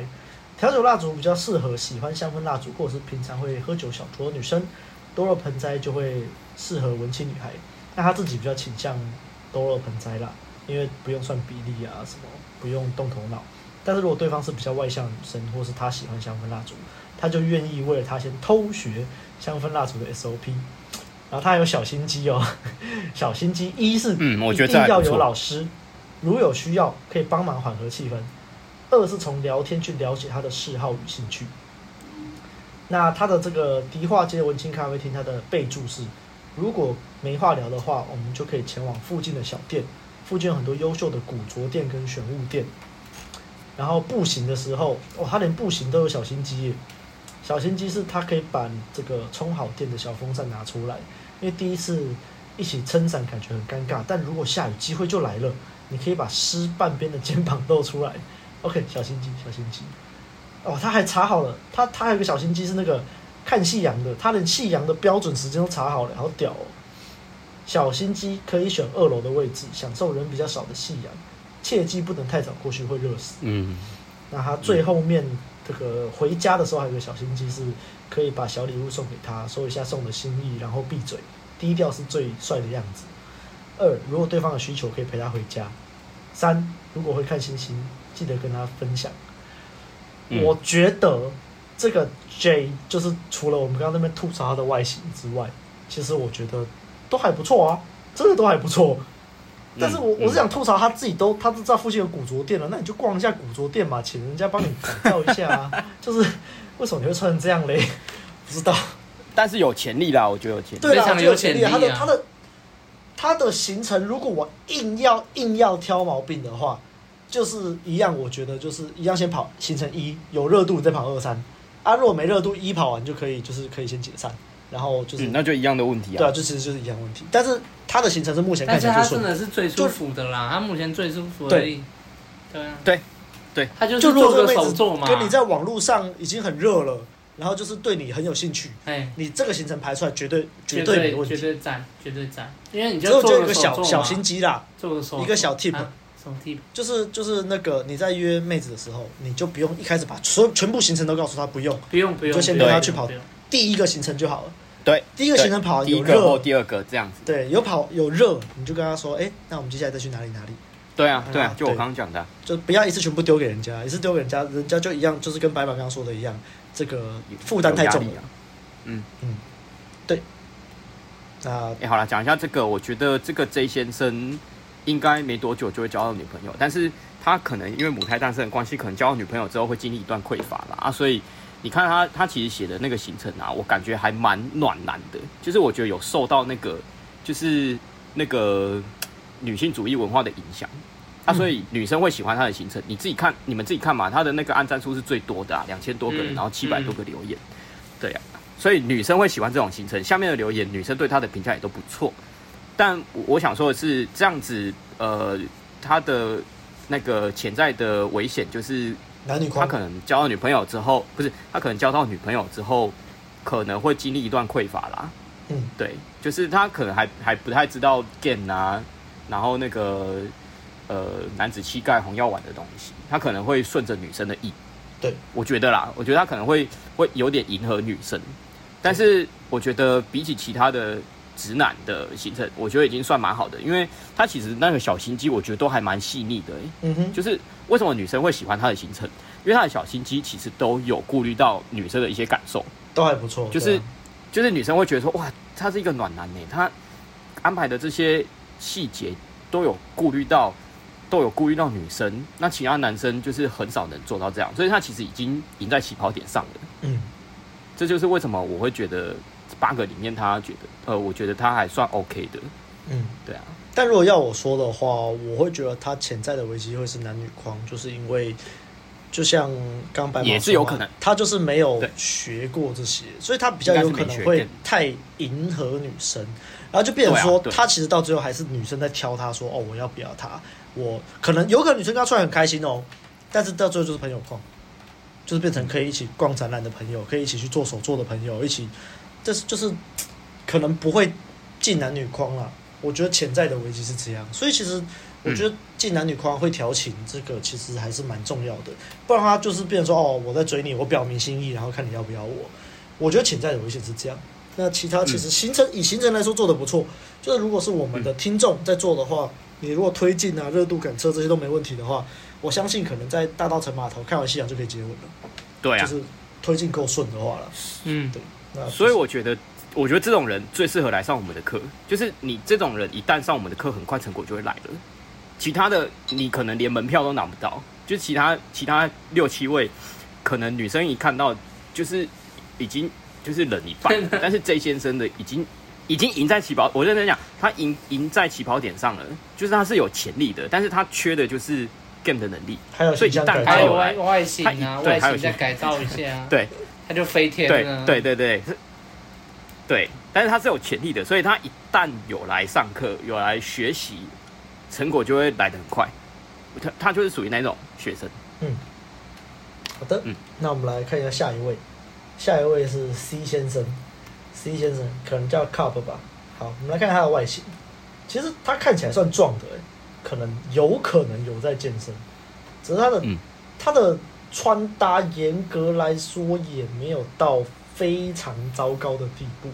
調酒蠟燭比較適合喜歡香氛蠟燭或者是平常會喝酒小酌的女生，多肉盆栽就會適合文青女孩。那他自己比較傾向多肉盆栽啦，因為不用算比例啊什麼，不用動頭腦。但是如果對方是比較外向女生，或是他喜歡香氛蠟燭，他就願意為了他先偷學香氛蠟燭的 SOP，然後他還有小心機哦、喔。小心機一是嗯，我覺得一定要有老師，嗯、如有需要可以幫忙緩和氣氛。二是從聊天去了解他的嗜好與興趣。那他的這個迪化街文青咖啡廳，他的備註是。如果沒話聊的話，我們就可以前往附近的小店。附近有很多優秀的古着店跟選物店，然後步行的時候，哦，他連步行都有小心機耶。小心機是他可以把這個充好電的小風扇拿出來，因為第一次一起撐傘感覺很尷尬。但如果下雨，機會就來了。你可以把濕半邊的肩膀露出來。OK，小心機，小心機。哦，他還查好了。他他還有個小心機是那個。看夕陽的，他連夕陽的標準時間都查好了，好屌哦！小心機可以選二樓的位置，享受人比較少的夕陽。切記不能太早過去，會熱死。嗯，那他最後面這個回家的時候，還有個小心機，是可以把小禮物送給他，說一下送的心意，然後閉嘴，低調是最帥的樣子。二，如果對方有需求，可以陪他回家。三，如果會看星星，記得跟他分享。嗯，我覺得。這個 J 就是，除了我們剛剛那邊吐槽它的外形之外，其實我覺得都還不錯啊，真的都還不錯。但是我、嗯、我是想吐槽他自己都，他都知道附近有古着店了，那你就逛一下古着店嘛，請人家幫你改造一下、啊。 就是為什麼你會穿成這樣嘞？不知道。但是有潛力啦，我覺得有潛力，對啦非常有潛力。他的他的、啊、他的行程，如果我硬要硬要挑毛病的話，就是一樣，我覺得就是一樣，先跑行程一，有熱度，再跑二三。啊，如果沒熱度，一跑完就可以，就是可以先解散，然後就是那就一樣的問題啊。對啊，就其實就是一樣的問題。但是他的行程是目前看起來真的是最舒服的啦，他目前最舒服的。對，對啊，他就是做這個首座嘛。跟你在網絡上已經很熱了，然後就是對你很有興趣，你這個行程排出來絕對絕對沒問題，絕對讚，絕對讚。因為你就做一個小小心機啦，做一個小 tip。就是就是那個你在約妹子的時候，你就不用一開始把所有全部行程都告訴她，不用不用，不用，就先跟她去跑第一個行程就好了。對，第一個行程跑有熱，第，第二個這樣子。對，有跑有熱，你就跟她說，哎、欸，那我們接下來再去哪裡哪裡？對啊，對啊，對對啊，就我剛剛講的，就不要一次全部丟給人家，一次丟給人家，人家就一樣，就是跟白馬剛剛說的一樣，這個負擔太重了。啊、嗯嗯，對那，哎、欸，好了，講一下這個，我覺得這個 J 先生。應該沒多久就會交到女朋友，但是他可能因為母胎單身的關係，可能交到女朋友之後會經歷一段匱乏啦啊，所以你看他他其實寫的那個行程啊，我感覺還蠻暖男的，就是我覺得有受到那個就是那個女性主義文化的影響啊，所以女生會喜歡他的行程，你自己看你們自己看嘛，他的那個按讚數是最多的，啊，兩千多個人，然後七百多個留言，嗯，對呀，啊，所以女生會喜歡這種行程，下面的留言女生對他的評價也都不錯。但我想說的是，這樣子，呃，他的那個潛在的危險就是男女，他可能交到女朋友之後，不是，他可能交到女朋友之後，可能會經歷一段匱乏啦。嗯，對，就是他可能還還不太知道 game 吶、啊，然後那個呃男子氣概紅藥丸的東西，他可能會順着女生的意。對，我覺得啦，我覺得他可能會會有點迎合女生，但是我覺得比起其他的。直男的行程，我覺得已經算蠻好的，因為他其實那個小心機，我覺得都還蠻細膩的、欸。嗯哼，就是為什麼女生會喜歡他的行程，因為他的小心機其實都有顧慮到女生的一些感受，都還不錯。就是、啊、就是女生會覺得說，哇，他是一個暖男誒、欸，他安排的這些細節都有顧慮到，都有顧慮到女生。那其他男生就是很少能做到這樣，所以他其實已經贏在起跑點上了。嗯，這就是為什麼我會覺得。八個裡面，他覺得，呃，我覺得他還算 OK 的，嗯，對啊。但如果要我說的話，我會覺得他潛在的危機會是男女框，就是因為，就像剛白毛也是有可能，他就是沒有學過這些，對所以他比較有可能會太迎合女生，然後就變成說，啊、他其實到最後還是女生在挑，他說，哦，我要不要他？我可能有可能女生跟他出來很開心哦，但是到最後就是朋友框，就是變成可以一起逛展覽的朋友，可以一起去做手作的朋友，一起。這是就是可能不會進男女框了。我覺得潛在的危機是這樣，所以其實我覺得進男女框會調情，這個其實還是蠻重要的。不然他就是變成說哦，我在追你，我表明心意，然後看你要不要我。我覺得潛在的危險是這樣。那其他其實行程以行程來說做得不錯，就是如果是我們的聽眾在做的話，你如果推進啊、熱度感測這些都沒問題的話，我相信可能在大稻埕碼頭看完夕陽就可以接吻了。對啊，就是推進夠順的話了。啊、嗯，對。所以我覺得，我覺得這種人最適合來上我們的課。就是你這種人，一旦上我們的課，很快成果就會來了。其他的，你可能連門票都拿不到。就其他其他六七位，可能女生一看到，就是已經就是冷一半。 但是 J 先生的已經已經贏在起跑，我認真講，他贏贏在起跑點上了。就是他是有潛力的，但是他缺的就是 game 的能力。還有，所以一旦還有外形啊，外形再改造一下， 對。他就飛天了。對對對對，是，對，但是他是有潛力的，所以他一旦有來上課，有來學習，成果就會來得很快。他他就是屬於那種學生。嗯，好的，嗯，那我們來看一下下一位，下一位是 C 先生，C 先生可能叫 Cup 吧。好，我們來看他的外形，其實他看起來算壯的，欸，可能有可能有在健身，只是他的嗯、他的。穿搭嚴格來說也沒有到非常糟糕的地步，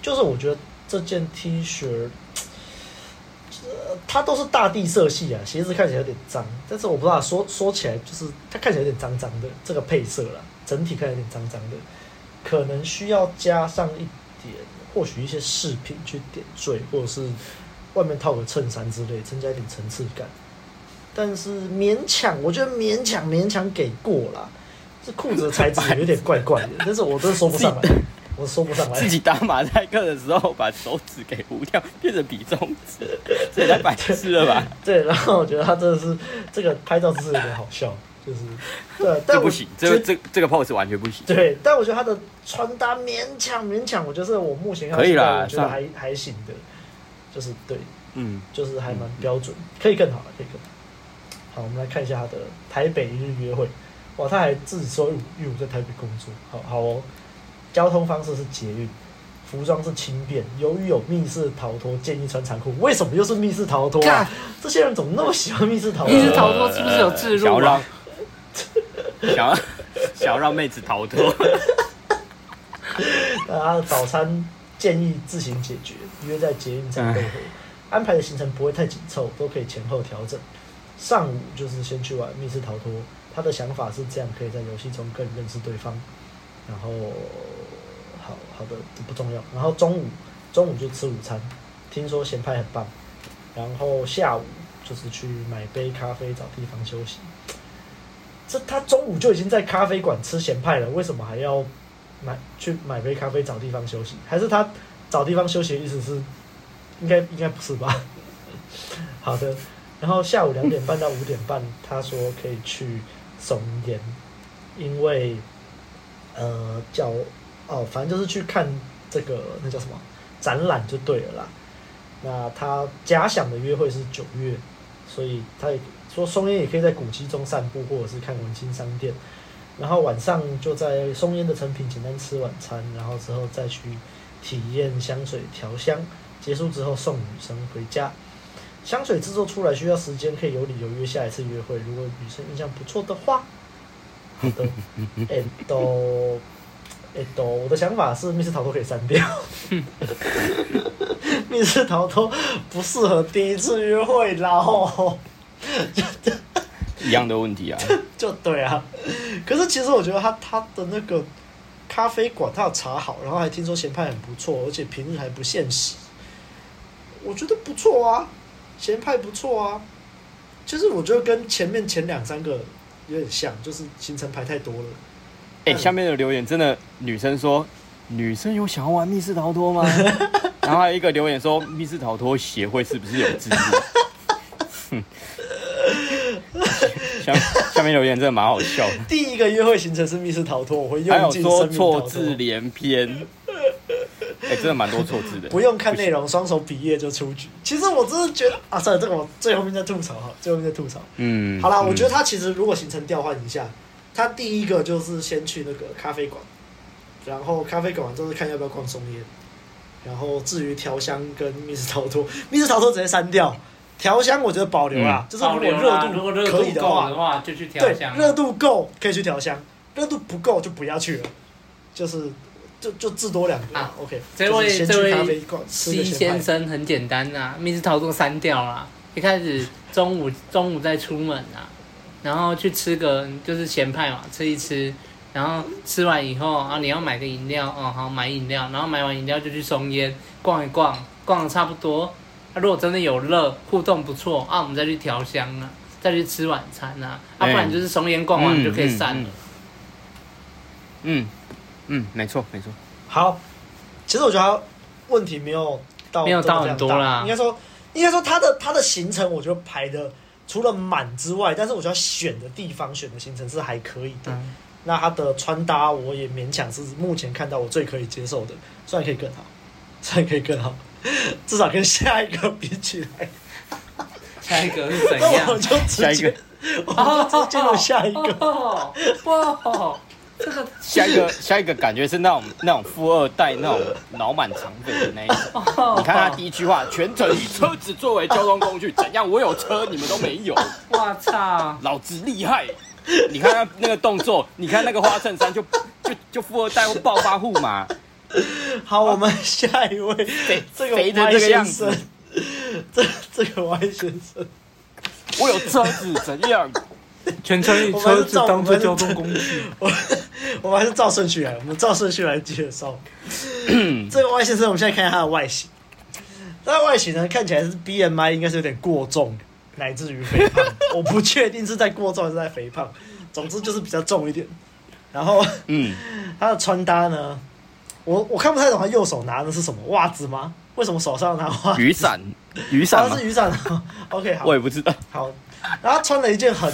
就是我覺得這件 T 恤，它都是大地色系啊，鞋子看起來有點髒，但是我不知道說說起來就是它看起來有點髒髒的這個配色啦，整體看起來有點髒髒的，可能需要加上一點，或許一些飾品去點綴，或者是外面套個襯衫之類，增加一點層次感。但是勉強，我覺得勉強勉強給過啦。這褲子的材質有點怪怪的，但是我真的說不上來，我說不上來。自己打馬賽克的時候，把手指給糊掉，變成比中指， 對所以才白痴了吧？對。然後我覺得他真的是這個拍照姿勢有點好笑，就是對，但不行，這就這這，這個 pose 完全不行。對，但我覺得他的穿搭勉強勉強，我覺得我目前要可以啦，我覺得還算還行的，就是對，嗯，就是還蠻標準，可以更好，可以更好。好，我們來看一下他的台北一日約會。哇，他還自己說有，因為我在台北工作。好好哦，交通方式是捷運，服裝是輕便。由於有密室逃脫，建議穿長褲。為什麼又是密室逃脫啊？God, 這些人怎麼那麼喜歡密室逃脫？密室逃脫是不是有置入？想讓，想讓， 讓妹子逃脫。 他的早餐建議自行解決，約在捷運站背後。嗯，安排的行程不會太緊湊，都可以前後調整。上午就是先去玩密室逃脫，他的想法是這樣，可以在遊戲中更認識對方。然後，好好的，這不重要。然後中午，中午就吃午餐，聽說鹹派很棒。然後下午就是去買杯咖啡，找地方休息。這他中午就已經在咖啡館吃鹹派了，為什麼還要買去買杯咖啡找地方休息？還是他找地方休息的意思是，應該應該不是吧？好的。然後下午兩點半到五點半，他說可以去松煙，因為，呃，叫哦，反正就是去看這個那叫什麼展覽就對了啦。那他假想的約會是九月，所以他也說松煙也可以在古跡中散步，或者是看文青商店。然後晚上就在松煙的誠品簡單吃晚餐，然後之後再去體驗香水調香，結束之後送女生回家。香水製作出來需要時間，可以有理由約下一次約會。如果女生印象不錯的話，好的 edo，edo，我的想法是 密室逃脫可以刪掉。 密室逃脫不適合第一次約會，然後 一樣的問題啊， 就對啊。可是其實我覺得他他的那個咖啡館，他有茶好，然後還聽說鹹派很不錯，而且平日還不限時，我覺得不錯啊。前排不錯啊，就是我覺得跟前面前兩三個有點像，就是行程排太多了。誒，下面的留言真的，女生說女生有想要玩密室逃脫嗎？ 然後還有一個留言說密室逃脫協會是不是有資質？下 下面留言真的蠻好笑。第一個約會行程是密室逃脫，我會用盡錯字連篇。欸、真的蠻多錯字的， 不用看內容，雙手比耶就出局。其實我真的覺得啊，算了，這個我最後面再吐槽哈，最後面再吐槽。嗯，好了啦，嗯、我覺得他其實如果行程調換一下，他第一個就是先去那個咖啡館，然後咖啡館就是看要不要逛松菸，然後至於調香跟密室逃脫，密室逃脫直接刪掉，調香我覺得保留、嗯、啊，就是如果熱度可以的話，啊、熱對，熱度夠可以去調香，熱度不夠就不要去了，就是。就就至多兩個啊，啊，OK。這位這位 C 先生很簡單啊，簡單啊，密室逃脫刪掉啊，一開始中午 中午再出門啊，然後去吃個就是前派嘛，吃一吃。然後吃完以後啊，你要買個飲料哦，好買飲料。然後買完飲料就去松菸逛一逛，逛的差不多。啊，如果真的有樂互動不錯啊，我們再去調香啊，再去吃晚餐啊。嗯、啊，不然就是松菸逛完，啊嗯，就可以散了。嗯。嗯嗯嗯，沒錯沒錯。好，其實我覺得他問題沒有到沒有到很多了啦，應該說應該說他的他的行程，我覺得排的除了滿之外，但是我覺得選的地方選的行程是還可以的。嗯、那他的穿搭，我也勉強是目前看到我最可以接受的，雖然可以更好，雖然可以更好，至少跟下一個比起來，下一個是怎樣？ 我就直接，我們進入下一個，哇！這個下一個下一個感覺是那種那種富二代那種腦滿腸肥的那一種，oh, oh, oh. 你看他第一句話全程以車子作為交通工具，怎樣？我有車，你們都沒有。我操塞，老子厲害！你看他那個動作，你看那個花襯衫就，就就就富二代或暴發戶嘛。好，啊、我們下一位，這個王、這個這個、先生，這這個王先生，我有車子，怎樣？全程一車就當做交通工具。我 我們還是照順序啊，我們照順序、序來介紹。這個外先生。我們現在看一下他的外形。他的外形呢，看起來是 BMI 應該是有點過重，乃至於肥胖。我不確定是在過重還是在肥胖，總之就是比較重一點。然後，他的穿搭呢，我我看不太懂，他右手拿的是什麼？襪子嗎？為什麼手上拿花？雨傘，他是雨傘。OK，好，我也不知道。好，然後他穿了一件很。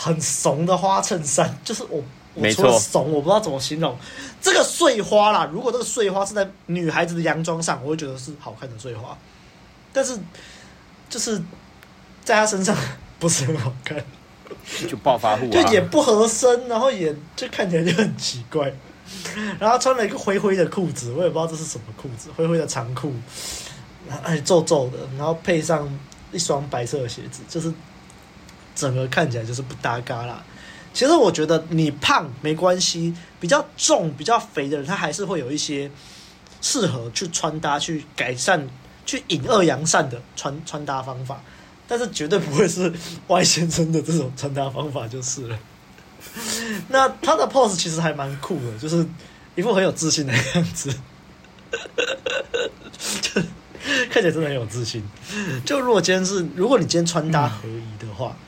很慫的花襯衫，就是我，我除了慫，我不知道怎麼形容沒錯。這個碎花啦。如果這個碎花是在女孩子的洋裝上，我會覺得是好看的碎花，但是就是在他身上不是很好看。就暴發戶、啊，就也不合身，然後也就看起來就很奇怪。然後穿了一個灰灰的褲子，我也不知道這是什麼褲子，灰灰的長褲，然後還皺皺的，然後配上一雙白色的鞋子，就是。整個看起來就是不搭嘎啦。其實我覺得你胖沒關係，比較重、比較肥的人，他還是會有一些適合去穿搭、去改善、去隱惡揚善的穿穿搭方法，但是絕對不會是 Y 先生的這種穿搭方法就是了。 那他的 pose 其實還蠻酷的，就是一副很有自信的樣子 就，看起來真的很有自信。就如果今天是，如果你今天穿搭合宜的話。嗯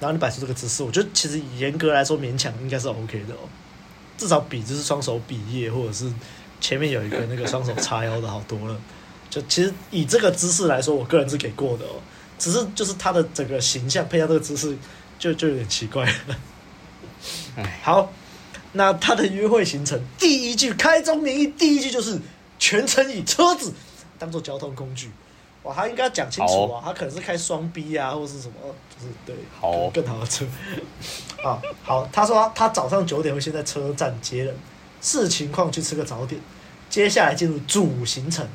然後你擺出這個姿勢，我覺得其實嚴格來說勉強應該是 OK 的哦，至少比就是雙手比耶，或者是前面有一個那個雙手叉腰的好多了。就其實以這個姿勢來說，我個人是給過的哦，只是就是他的整個形象配上這個姿勢，就就有點奇怪了。唉好，那他的約會行程第一句開宗明義，第一句就是全程以車子當做交通工具。哇，他應該要講清楚啊，哦、他可能是開雙 B 啊，或者是什麼，就是對、哦，更，更好的車啊。 好，他說他，他早上九點會先在車站接人，視情況去吃個早點。接下來進入主行程，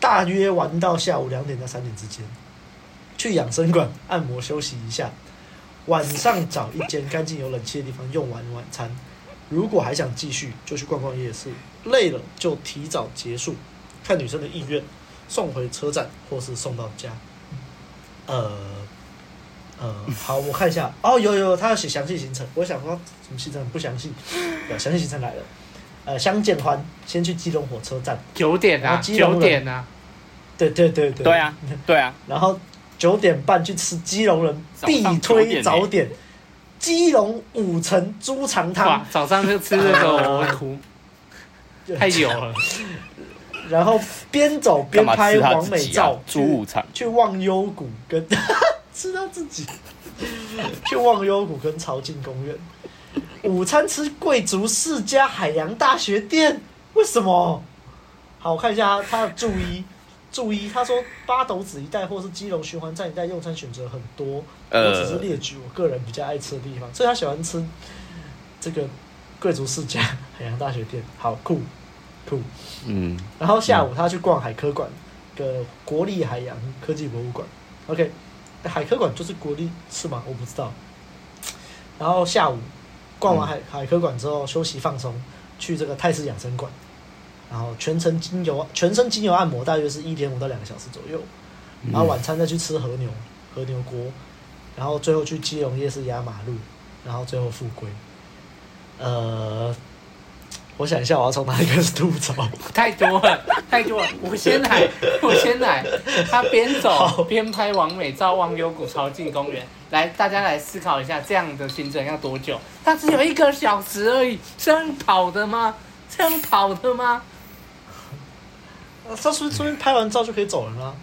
大約玩到下午兩點到三點之間，去養生館按摩休息一下。晚上找一間乾淨有冷氣的地方用完晚餐。如果還想繼續，就去逛逛夜市，累了就提早結束，看女生的意願。送回車站，或是送到家。呃，呃，好，我看一下。哦，有有有，他要寫詳細行程。我想說，什麼行程不詳細？有詳細行程來了。呃，相見歡，先去基隆火車站，九點啊，基隆人。九點啊、對對對對，對啊，對啊。 然後九點半去吃基隆人、欸、必推早點——基隆五層豬腸湯。哇，早上就吃這個， 呃、 太油了。 然後邊走邊拍網美照，去望幽谷跟吃他自己、啊去,啊、去望幽谷跟潮境 公園， 午餐吃貴族世家海洋大學店，為什麼？好，我看一下他,他的注意 注意，他說八斗子一帶或是基隆循環站一帶用餐選擇很多，我只、呃、是列舉我個人比較愛吃的地方，所以他喜歡吃這個貴族世家海洋大學店，好酷。酷，嗯，然後下午他去逛海科館，的、嗯、國立海洋科技博物館。OK，、欸、海科館就是國立是嗎？我不知道。然後下午逛完海、嗯、海科館之後休息放鬆，去這個泰式養生館，然後全程精油全身精油按摩，大約是一點五到兩個小時左右。然後晚餐再去吃和牛、嗯、和牛鍋，然後最後去基隆夜市壓馬路，然後最後復歸。呃。我想一下，我要從哪裡開始吐槽？太多了，太多了，我先來，我先來。他邊走邊好拍網美照，望幽谷、潮境公園。來，大家來思考一下，這樣的行程要多久？他只有一個小時而已，這樣跑的嗎？這樣跑的嗎？他、啊、是不是出出拍完照就可以走了嗎？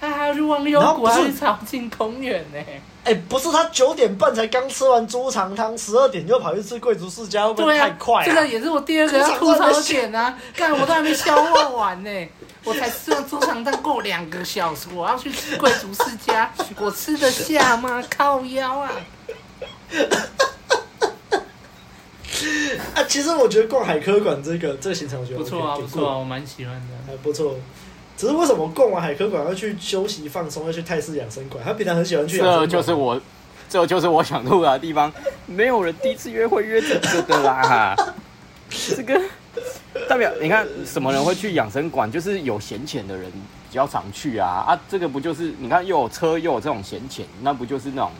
他還要去望幽谷，還要去潮境公園呢、欸。哎、欸，不是，他九點半才剛吃完豬腸湯，十二點又跑去吃貴族世家，會不會太快、啊啊、這個也是我第二個要吐槽點啊！看我都還沒消化完呢、欸， 我才吃完豬腸湯過兩個小時，我要去吃貴族世家，我吃得下嗎？ 靠腰啊！ 啊，其實我覺得逛海科館這個這個行程，我覺得 OK, 不錯啊，過不錯啊，我蠻喜歡的，還不錯。只是為什麼逛完海科館要去休息放鬆，要去泰式養生館？他平常很喜歡去養生館啊。這就是我，這就是我想吐槽的地方。沒有人第一次約會約真的的 這個啦哈。這個代表你看什麼人會去養生館？就是有閒錢的人比較常去啊啊！這個不就是你看又有車又有這種閒錢，那不就是那種？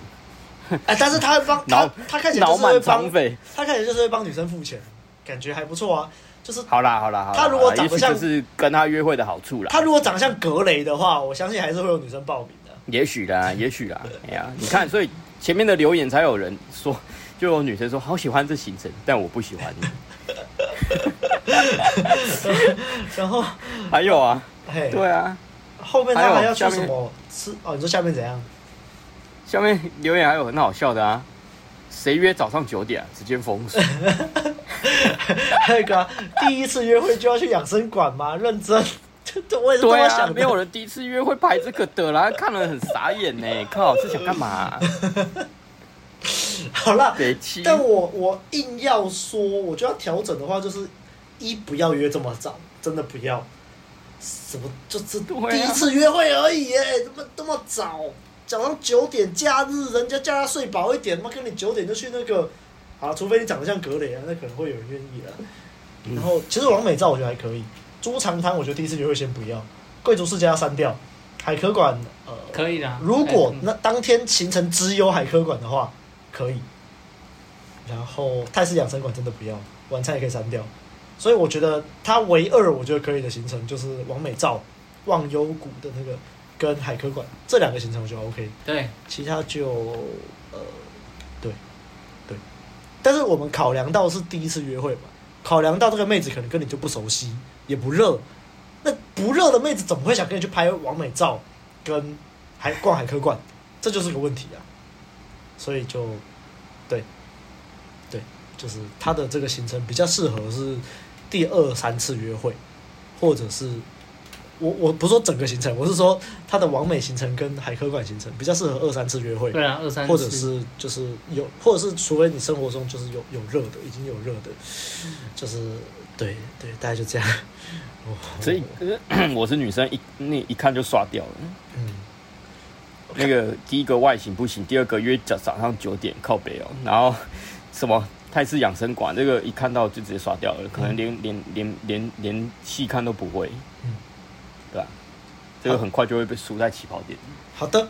欸、但是他幫，他他看起來就是會幫，他看，是會幫他看起來就是會幫女生付錢，感覺還不錯啊。就是好啦，好啦，好啦。他如果長得像是跟他約會的好處啦。他如果長得像格雷的話，我相信還是會有女生報名的。也許啦，也許啦。哎呀、 啊，你看，所以前面的留言才有人說，就有女生說好喜歡這行程，但我不喜歡你。 然後 還有啊，嘿對啊，後面他還要做什麼是面哦，你說下面怎樣？下面留言還有很好笑的啊，誰約早上九點、啊、直接封死。 還有個第一次約會就要去養生館嗎？認真，這我也是這麼想的、啊、我的第一次約會牌子可得了，看了很傻眼呢。靠，是想幹嘛？ 好了啦，騎但我我硬要說，我就要調整的話，就是一不要約這麼早，真的不要。什麼？都這第一次約會而已耶，啊、怎麼這麼早？早上九點，假日人家叫他睡飽一點，他媽跟你九點就去那個。好啊、除非你長得像格雷、啊、那可能會有人願意啊。 然後，其實王美照我覺得還可以，朱長灘我覺得第一次約會先不要，貴族世家要刪掉，海科館呃可以的。如果、欸、那當天行程只有海科館的話，可以。然後泰式養生館真的不要，晚餐也可以刪掉。所以我覺得它唯二我覺得可以的行程就是王美照忘憂谷的那個跟海科館這兩個行程，我覺得 OK。對，其他就、呃但是我們考量到是第一次約會吧，考量到這個妹子可能跟你就不熟悉，也不熱，那不熱的妹子怎麼會想跟你去拍網美照，跟還逛海科館？這就是個問題啊，所以就，對，對，就是他的這個行程比較適合是第二三次約會，或者是。我我不是說整個行程，我是說它的完美行程跟海科館行程比較適合二三次約會。對啊，二三次或者是就是有，或者是除非你生活中就是有有熱的，已經有熱的，嗯、就是對對，大概就這樣。所以是 我是女生，一那一看就刷掉了，嗯，那個第一個外形不行，第二個約早早上九點靠北哦。嗯、然後什麼泰式養生館，這、那個一看到就直接刷掉了，可能連、嗯、連連連連連細看都不會。對吧、啊，這個很快就會被輸在起跑點。好的，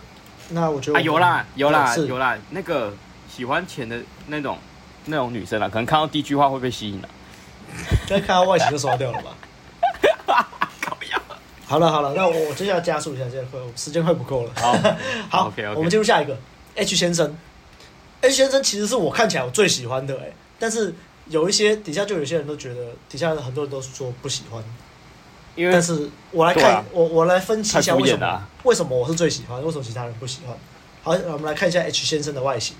那我覺得我、啊、有啦，有啦，有啦。那個喜歡錢的那種、那種女生啊，可能看到第一句話會被吸引了，啊，再看到外形就刷掉了吧。哈哈哈，搞笑了。好了好了，那我我接下來加速一下，現在快時間快不夠了。好， 好，好 okay, okay. 我們進入下一個 H 先生。H 先生其實是我看起來我最喜歡的哎、欸，但是有一些底下就有些人都覺得底下的很多人都是說不喜歡。但是，我來看，我、啊、我來分析一下為什麼為什麼我是最喜歡，為什麼其他人不喜歡？好，我們來看一下 H 先生的外形，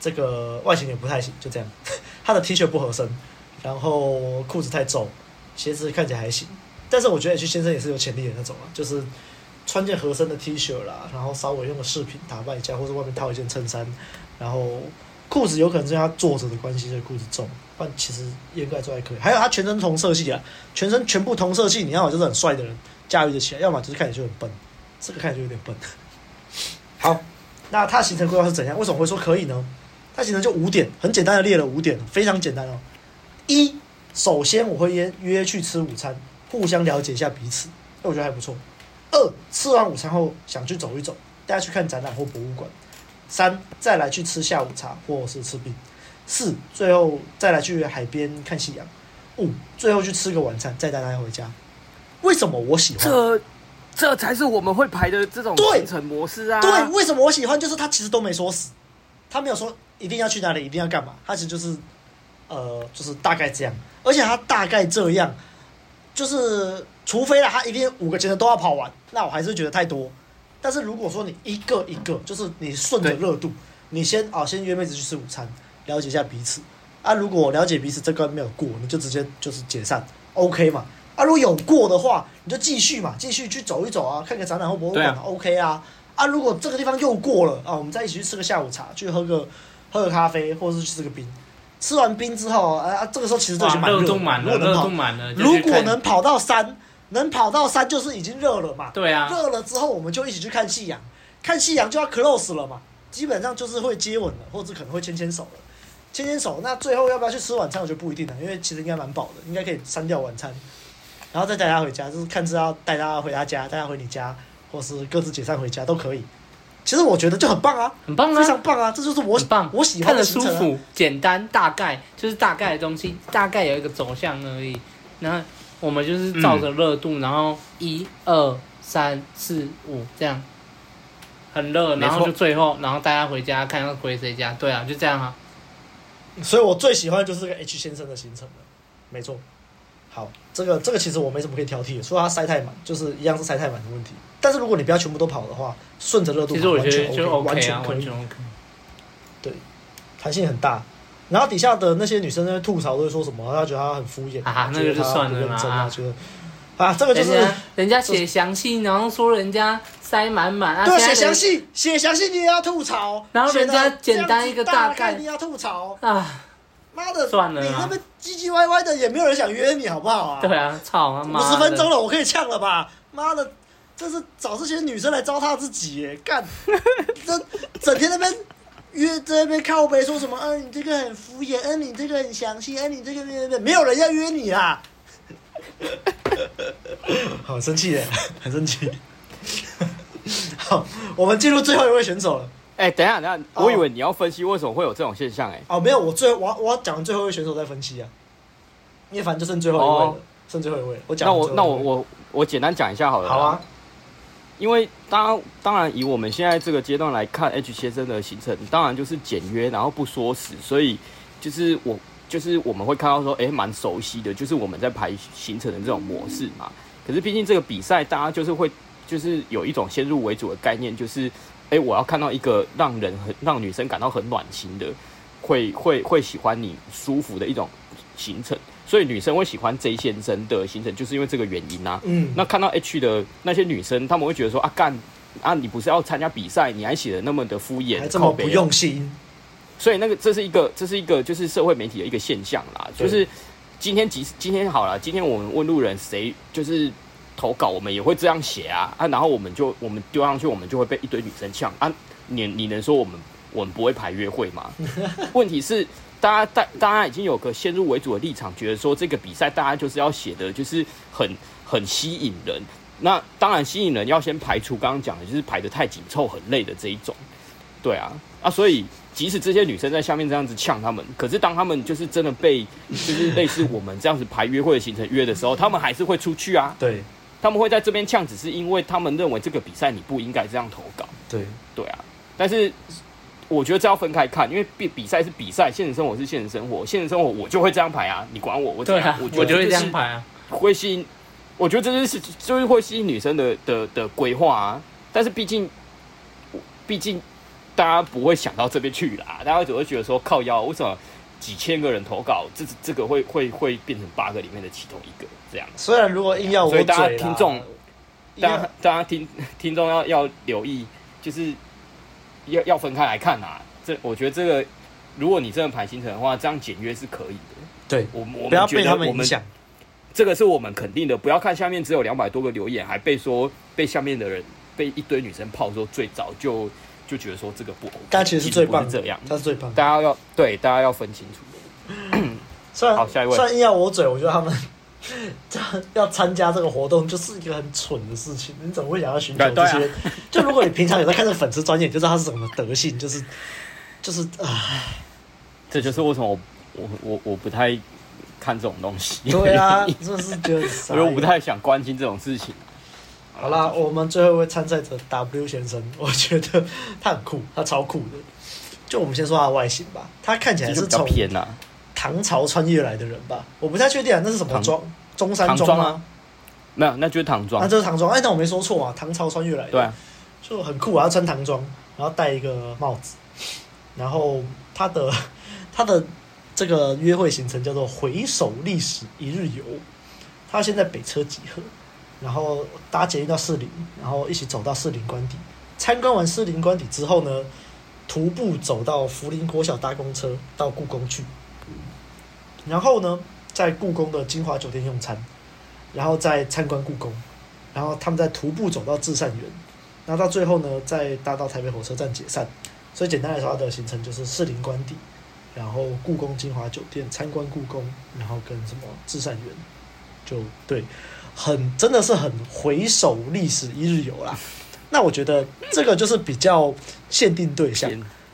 這個外形也不太行，就這樣。 他的 T 恤不合身，然後褲子太皺，鞋子看起來還行。但是我覺得 H 先生也是有潛力的那種啊，就是穿件合身的 T 恤啦，然後稍微用個飾品打扮一下，或者外面套一件襯衫，然後。褲子有可能是跟他坐着的關係，這褲子中。但其實掩蓋住還可以。還有他全身同色系啊，全身全部同色系，你要麼就是很帥的人駕馭得起來，要麼就是看起來就很笨。這個看起來就有點笨。 好，那他的行程規劃是怎樣？為什麼會說可以呢？他的行程就五點，很簡單的列了五點，非常簡單哦、喔。一，首先我會約約去吃午餐，互相了解一下彼此，那我覺得還不錯。二，吃完午餐後想去走一走，帶他去看展覽或博物館。三，再來去吃下午茶，或是吃餅。四，最後再來去海邊看夕陽。五，最後去吃個晚餐，再帶他回家。為什麼我喜歡？這，這才是我們會排的這種行程模式啊。對，對，為什麼我喜歡？就是他其實都沒說死，他沒有說一定要去哪裡，一定要幹嘛。他其實就是，呃，就是大概這樣。而且他大概這樣，就是除非了他一定五個行程都要跑完，那我還是覺得太多。但是如果說你一個一個，就是你順着熱度，對你先啊、哦、先約妹子去吃午餐，了解一下彼此。啊，如果了解彼此這個沒有過，你就直接就是解散，OK 嘛？啊，如果有過的話，你就繼續嘛，繼續去走一走啊，看看展覽或博物館，OK 啊？啊，如果這個地方又過了啊，我們再一起去吃個下午茶，去喝個喝個咖啡，或者是去吃個冰。吃完冰之後啊，這個時候其實都已經蠻熱的、啊、蠻熱，如果能跑到三，能跑到山，就是已經熱了嘛？對啊，熱了之後我們就一起去看夕陽，看夕陽就要 close 了嘛，基本上就是會接吻了，或者可能會牽牽手了，牽牽手。那最後要不要去吃晚餐？我覺得不一定了，因為其實應該蠻飽的，應該可以刪掉晚餐，然後再帶他回家，就是看着要帶他回他家，帶他回你家，或是各自解散回家都可以。其實我覺得就很棒啊，很棒啊，非常棒啊，這就是我很棒，我喜歡的行程啊，看得舒服，簡單大概就是大概的東西，大概有一個走向而已，然後，我們就是照着熱度，嗯、然後一二三四五這樣，很熱，然後就最後，錯然後帶他回家，看他回誰家。對啊，就這樣啊。所以我最喜歡就是這個 H 先生的行程了，沒錯。好，這個這個其實我沒什麼可以挑剔的，除了他塞太滿，就是一樣是塞太滿的問題。但是如果你不要全部都跑的話，順着熱度其實完全 OK，完全完全 OK，對，彈性很大。然後底下的那些女生在那吐槽，都說什麼？她覺得他很敷衍，覺得他不認真，覺得啊，這個就是人家寫詳細，然後說人家塞滿滿啊，對，寫詳細，寫詳細，你也要吐槽，然後人家簡單一個大概，你也要吐槽啊！媽的，算了，你那邊唧唧歪歪的，也沒有人想約你好不好啊？對啊，操他媽，五十分鐘了，我可以嗆了吧？媽的，這是找這些女生來糟蹋自己，耶。幹這整天那邊。約這邊靠北說什麼？哎，你這個很敷衍；哎，你這個很詳細；哎，你這個……沒有，沒有人要約你啦、啊。 好生氣耶，很生氣。 好，我們進入最後一位選手了。哎，等一下，等下，我以為你要分析為什麼會有這種現象。哎，哦，哦哦、沒有，我最我要我講最後一位選手再分析啊。因為反正就剩最後一位了，哦、剩最後一位，我講。那我那我我我簡單講一下好了。好啊。因為當當然以我們現在這個階段來看，H 先生的行程當然就是簡約，然後不縮死，所以就是我就是我們會看到說，哎、欸，蠻熟悉的，就是我們在排行程的這種模式嘛。可是畢竟這個比賽，大家就是會就是有一種先入為主的概念，就是哎、欸，我要看到一個讓人很讓女生感到很暖心的，會會會喜歡你舒服的一種行程。所以女生會喜歡 J 先生的行程，就是因為這個原因吶、啊。嗯，那看到 H 的那些女生，她們會覺得說啊幹，啊，啊你不是要參加比賽，你還寫得那麼的敷衍，還這麼不用心、啊。所以那個這是一個這是一個就是社會媒體的一個現象啦。就是今天即今天好了，今天我們問路人誰就是投稿，我們也會這樣寫啊啊，然後我們就我們丟上去，我們就會被一堆女生嗆啊。你你能說我們我們不會排約會嗎？ 問題是。大家大大家已經有個先入為主的立場，覺得說這個比賽大家就是要寫的，就是很很吸引人。那當然吸引人要先排除剛剛講的，就是排得太緊湊很累的這一種。對啊，啊，所以即使這些女生在下面這樣子嗆他們，可是當他們就是真的被就是類似我們這樣子排約會的行程約的時候， 他們還是會出去啊。對，他們會在這邊嗆，只是因為他們認為這個比賽你不應該這樣投稿。對對啊，但是。我覺得這要分開看，因為比比賽是比賽，現實生活是現實生活。現實生活我就會這樣排啊，你管我，我我我覺得這樣排啊，會吸，我覺得這件事就是會吸引女生的的的規劃啊。但是畢竟，畢竟大家不會想到這邊去啦，大家只會覺得說靠腰，為什麼幾千個人投稿，這這個會會會變成八個裡面的其中一個這樣子？雖然如果硬要我，所以大家聽眾，大家樣大家聽聽眾要要留意，就是。要要分開來看啊，這我覺得這個，如果你真的排行程的話，這樣簡約是可以的。對，我我們不要被他們影響。我們這個是我們肯定的，不要看下面只有兩百多個留言，還被說被下面的人被一堆女生泡說最早就就覺得說這個不 OK，但其實是最棒的這樣，他是最棒的。大家要對大家要分清楚的。 算好下一位，算硬要我嘴，我覺得他們。 要參加這個活動就是一個很蠢的事情，你怎麼會想要尋求這些？對啊、就如果你平常有 在看這個粉絲專頁，就知道他是什麼德性，就是就是唉，這就是為什麼我我我我不太看這種東西。對啊，真的 是覺得,覺得我不太想關心這種事情。 好啦，好我們最後一位參賽者 W 先生，我覺得他很酷，他超酷的。就我們先說他的外形吧，他看起來是比較偏吶、啊。唐朝穿越來的人吧，我不太確定、啊、那是什麼裝，唐中山裝嗎？唐裝啊？沒有，那就是唐裝，那、啊、就是唐裝。哎，那我沒說錯啊，唐朝穿越來的，對，就很酷啊，穿唐裝，然後戴一個帽子，然後他的他的這個約會行程叫做“回首歷史一日遊”。他現在北車集合，然後搭捷運到士林，然後一起走到士林官邸。參觀完士林官邸之後呢，徒步走到福林國小，搭公車到故宮去。然後呢，在故宮的精華酒店用餐，然後再參觀故宮，然後他們再徒步走到至善園。那到最後呢，再搭到台北火車站解散。所以簡單來說，它的行程就是士林官邸，然後故宮精華酒店參觀故宮，然後跟什麼至善園，就對，很真的是很回首歷史一日遊啦。 那我覺得這個就是比較限定對象。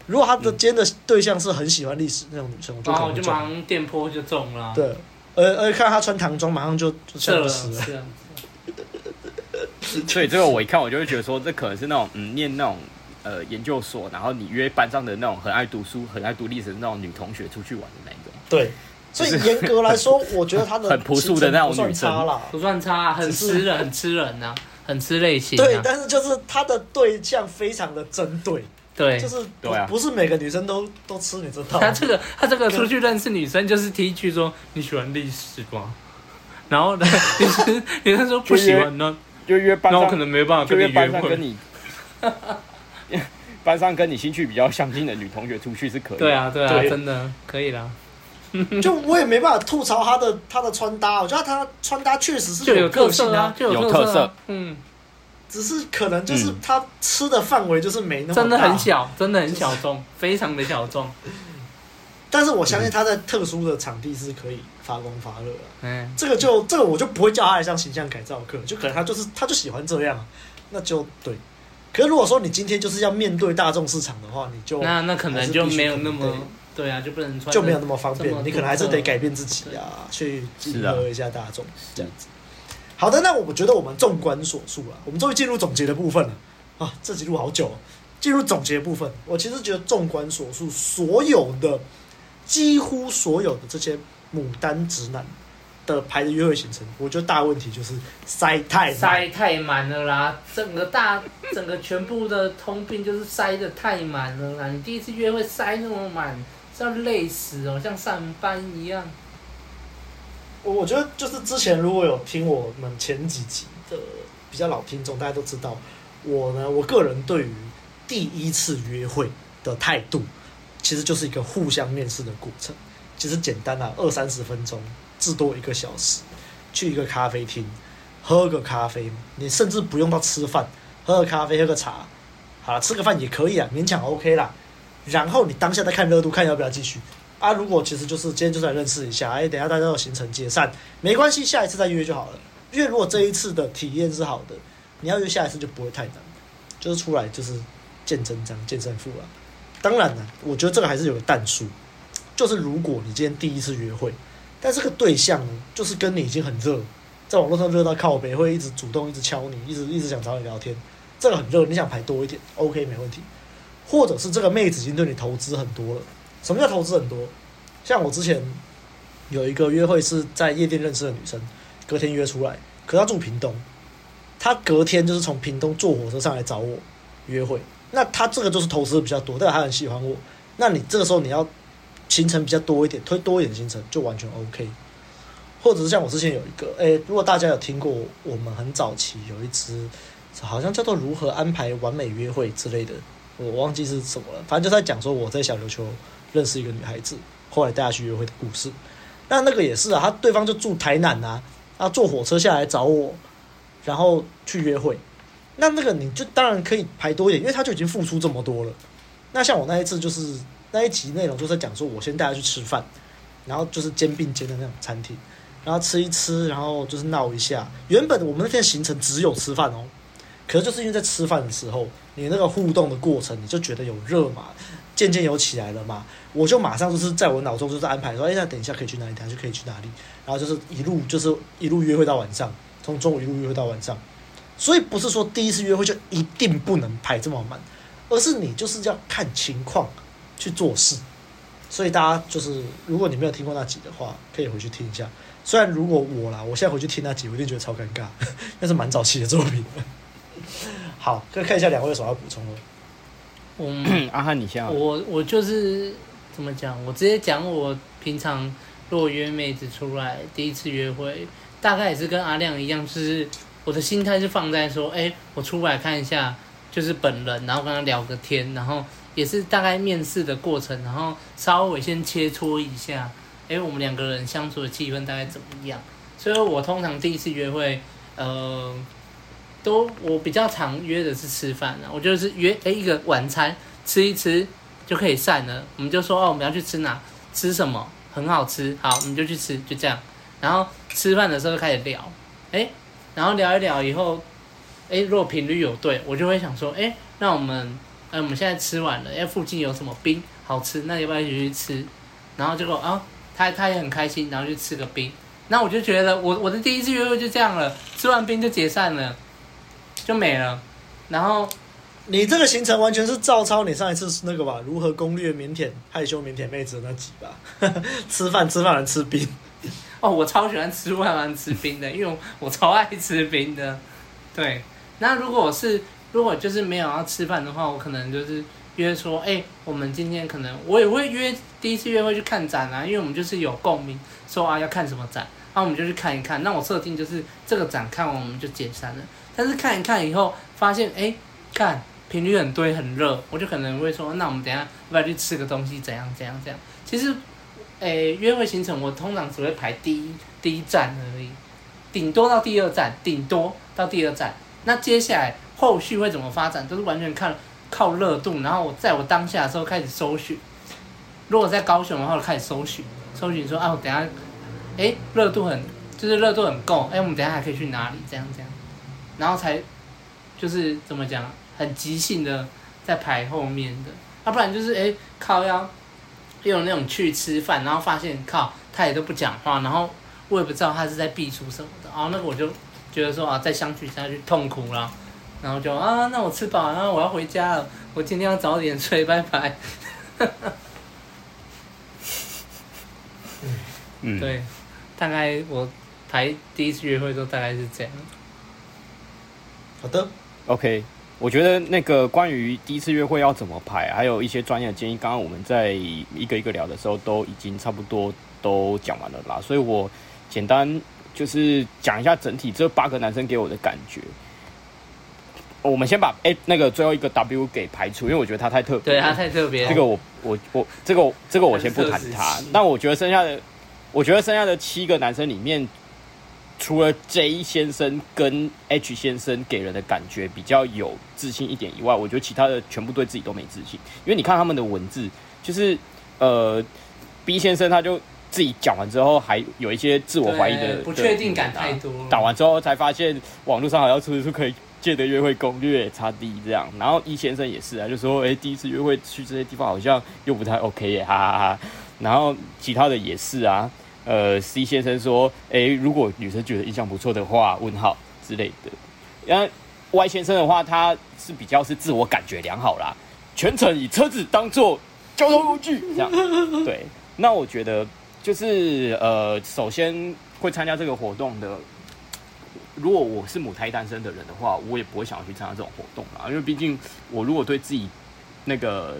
如果他的兼的對象是很喜歡歷史那種女生、嗯我啊，我就馬上電波就中了、啊。對，而而且看她穿唐裝，馬上就就笑死了。是這樣子、啊是。所以最後我一看，我就會覺得說，這可能是那種嗯，念那種呃研究所，然後你約班上的那種很愛讀書、很愛讀歷史的那種女同學出去玩的那種。對。所以嚴格來說，我覺得她的很樸素的那種女生，不算差啦，很吃人，很吃人吶，很吃類型、啊。對，但是就是她的對象非常的針對。對，就是對啊，不是每個女生都都吃你這套。他這個他這個出去認識女生，就是提一句說你喜歡歷史吧，然後女生 女生說不喜歡呢，就約班上，可能沒辦法跟你約會。班上跟你興趣比較相近的女同學出去是可以啊，對啊。對啊對啊，真的可以啦。 就我也沒辦法吐槽她的她的穿搭，我覺得她穿搭確實是很有個性啊，有特色啊，有特色，嗯。只是可能就是他吃的範圍就是沒那麼大，嗯，真的很小，真的很小眾，就是，非常的小眾。但是我相信他在特殊的場地是可以發光發熱的啊。嗯，這個就這個我就不會叫他來上形象改造課，就可能他就是他就喜歡這樣啊，那就對。可是如果說你今天就是要面對大眾市場的話，你就那那可能，就，可能就沒有那麼對，對啊，就不能穿就沒有那麼方便，你可能還是得改變自己啊，對去迎合一下大眾啊，這樣子。好的，那我覺得我們縱觀所述了，我們終於進入總結的部分了啊！這集錄好久，進入總結的部分，我其實覺得縱觀所述，所有的幾乎所有的這些牡丹直男的排的約會行程，我覺得大問題就是塞太滿，塞太滿了啦！整個大整個全部的通病就是塞得太滿了啦！你第一次約會塞那麼滿，要累死哦，像上班一樣。我我覺得就是之前如果有聽我們前幾集的比較老聽眾，大家都知道我呢，我個人對於第一次約會的態度，其實就是一個互相面試的過程。其實簡單啊，二三十分鐘至多一個小時，去一個咖啡廳喝個咖啡，你甚至不用到吃飯，喝個咖啡喝個茶，好了，吃個飯也可以啊，勉強 OK 啦。然後你當下再看熱度，看要不要繼續。啊，如果其實就是今天就是來認識一下，哎、欸，等一下大家要行程解散，沒關係，下一次再約就好了。因為如果這一次的體驗是好的，你要約下一次就不會太難。就是出來就是見真章、見勝負了。當然了，我覺得這個還是有個但書，就是如果你今天第一次約會，但這個對象呢，就是跟你已經很熱，在網絡上熱到靠北，會一直主動、一直敲你，一直一直想找你聊天，這個很熱，你想排多一點，OK，沒問題。或者是這個妹子已經對你投資很多了。什麼叫投資很多？像我之前有一個約會是在夜店認識的女生，隔天約出來，可她住屏東，她隔天就是從屏東坐火車上來找我約會。那她這個就是投資比較多，但是她很喜歡我。那你這個時候你要行程比較多一點，推多一點行程就完全 OK。或者是像我之前有一個，誒、欸。如果大家有聽過，我們很早期有一支好像叫做《如何安排完美約會》之類的，我忘記是什麼了，反正就在講說我在小琉球。認識一個女孩子，後來帶她去約會的故事，那那個也是啊，他對方就住台南啊，她坐火車下來找我，然後去約會，那那個你就當然可以排多一點，因為他就已經付出這麼多了。那像我那一次就是那一集內容就是在講說，我先帶他去吃飯，然後就是肩並肩的那種餐廳，然後吃一吃，然後就是鬧一下。原本我們那天行程只有吃飯哦，可是就是因為在吃飯的時候，你那個互動的過程，你就覺得有熱嘛。漸漸有起來了嘛，我就馬上就是在我腦中就是安排說，哎、欸，等一下可以去哪裡，等下就可以去哪裡，然後就是一路就是一路約會到晚上，從中午一路約會到晚上，所以不是說第一次約會就一定不能排這麼滿，而是你就是要看情況去做事。所以大家就是如果你沒有聽過那集的話，可以回去聽一下。雖然如果我啦，我現在回去聽那集，我一定覺得超尷尬，那 是蠻早期的作品。 好，可以看一下兩位有什麼要補充的。嗯，我阿漢，你先好。我我就是怎麼講？我直接講，我平常如果約妹子出來第一次約會，大概也是跟阿亮一樣，就是我的心態是放在說，欸，我出來看一下就是本人，然後跟他聊個天，然後也是大概面試的過程，然後稍微先切磋一下，欸，我們兩個人相處的氣氛大概怎麼樣？所以，我通常第一次約會，呃。我比較常約的是吃飯啊，我就是約哎、欸、一個晚餐吃一吃就可以散了，我們就說哦，我們要去吃哪吃什麼很好吃，好，我們就去吃，就這樣，然後吃飯的時候就開始聊，哎、欸，然後聊一聊以後，哎、欸、如果頻率有對，我就會想說哎、欸、那我們哎、欸、我們現在吃完了，哎、欸、附近有什麼冰好吃，那要不要一起去吃？然後結果啊，他他也很開心，然後就吃個冰，那我就覺得我我的第一次約會就這樣了，吃完冰就解散了。就沒了，然後你這個行程完全是照抄你上一次那個吧，如何攻略靦腆害羞靦腆妹子那集吧。 吃飯吃飯完吃冰，哦，我超喜歡吃飯吃冰的，因為我，我超愛吃冰的。對，那如果是如果就是沒有要吃飯的話，我可能就是約說，哎、欸，我們今天可能我也會約第一次約會去看展啊，因為我們就是有共鳴，說啊要看什麼展，那、啊、我們就去看一看。那我設定就是這個展看完我們就解散了。但是看一看以後發現，哎、欸，看頻率很堆很熱，我就可能會說，那我們等一下要不要去吃個東西，怎樣怎樣怎樣。其實，哎、欸，約會行程我通常只會排第一第一站而已，頂多到第二站，頂多到第二站。那接下來後續會怎麼發展，都、就是完全看靠熱度，然後我在我當下的時候開始搜尋。如果在高雄的話，開始搜尋，搜尋說啊，我等一下，哎、欸，熱度很，就是熱度很夠，哎、欸，我們等一下還可以去哪裡？這樣這樣。然後才，就是怎麼講，很即興的在排後面的，啊，不然就是哎、欸、靠要，用那種去吃飯，然後發現靠他也都不講話，然後我也不知道他是在避暑什麼的，然、哦、後那個我就覺得說啊，再相處下去痛苦啦、啊、了，然後就啊那我吃飽，了，我要回家了，我今天要早點睡，拜拜。 嗯嗯、對，大概我排第一次約會的時候大概是這樣。好的，OK，我覺得那個關於第一次約會要怎麼排，還有一些專業的建議，剛剛我們在一個一個聊的時候，都已經差不多都講完了啦，所以我簡單就是講一下整體這八個男生給我的感覺。我們先把哎、欸、那個最後一個 W 給排除，因為我覺得他太特別，對，他太特別這，這個我我我這個這個我先不談他，但我覺得剩下的，我覺得剩下的七個男生裡面。除了 J 先生跟 H 先生給人的感覺比較有自信一點以外，我覺得其他的全部對自己都沒自信。因為你看他們的文字，就是呃 B 先生他就自己講完之後，還有一些自我懷疑的不確定感，太多打。打完之後才發現網絡上好像出出可以借的約會攻略，差低這樣。然後 E 先生也是啊，就說欸，第一次約會去這些地方好像又不太 OK，哈哈哈。然後其他的也是啊。呃，C 先生說：“誒、欸，如果女生覺得印象不錯的話，問號之類的。”然後 Y 先生的話，他是比較是自我感覺良好啦，全程以車子當做交通工具， 這樣對。那我覺得就是呃，首先會參加這個活動的，如果我是母胎單身的人的話，我也不會想要去參加這種活動啦，因為畢竟我如果對自己那個。.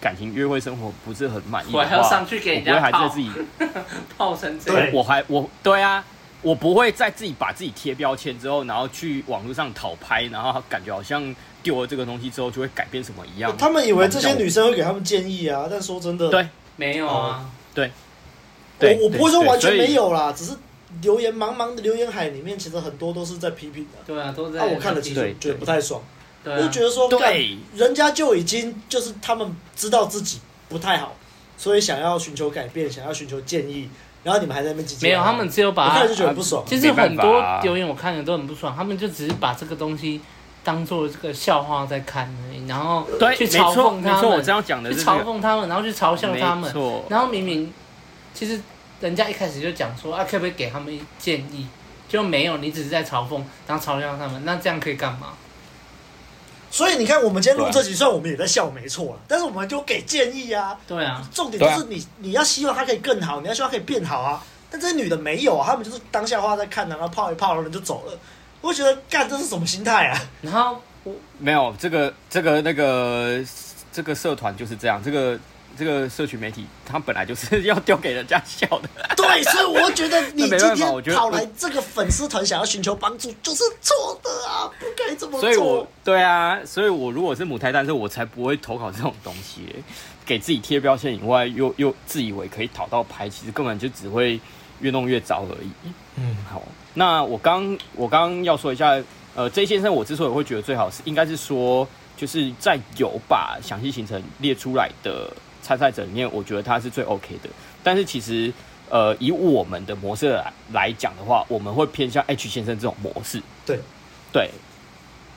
感情、約會、生活不是很滿意的，我還要上去給人家我不會還在自己 泡成這樣對我。我還我對啊，我不會再自己把自己貼標籤之後，然後去網絡上討拍，然後感覺好像丟了這個東西之後就會改變什麼一樣。他們以為這些女生會給他們建議啊，但說真的，對，嗯、沒有啊，對。對我我不會說完全沒有啦，對對對只是留言茫茫的留言海裡面，其實很多都是在批評的。對啊，都在 DP、啊。那我看得清楚，覺得不太爽。對啊、我就覺得說，對，人家就已經就是他們知道自己不太好，對所以想要尋求改變，想要尋求建議，然後你們還在那邊沒有，他們只有把他們不爽、啊，其實很多留言我看的都很不爽，啊、他們就只是把這個東西當做這個笑話在看而已，然後去嘲諷他們，去嘲諷他們、這個、他們，然後去嘲笑他們，錯然後明明其實人家一開始就講說啊，可不可以給他們一建議，就沒有，你只是在嘲諷，然後嘲笑他們，那這樣可以幹嘛？所以你看，我們今天錄這集，雖然我們也在笑沒，啊，沒錯了。但是我們就給建議啊，對啊，重點就是你，啊、你要希望它可以更好，你要希望他可以變好啊。但這些女的沒有，啊，他們就是當笑話在看，啊，然後泡一泡，然後就走了。我覺得幹這是什麼心態啊？然後我沒有這個這個那個這個社團就是這樣，這個。這個社群媒體，它本來就是要丟給人家笑的。對，所以我覺得你今天跑來這個粉絲團，想要尋求幫助，就是錯的啊，不該這麼做啊。所以我，對啊，所以我如果是母胎單身，我才不會投稿這種東西， 給自己貼標籤以外，又又自以為可以討到拍，其實根本就只會越弄越糟而已。嗯，好，那我剛我剛要說一下，呃，鄭先生，我之所以會覺得最好是，是應該是說，就是在有把詳細行程列出來的。參賽者裡面，我覺得他是最 OK 的。但是其實，呃，以我們的模式來來講的話，我們會偏向 H 先生這種模式。對，對。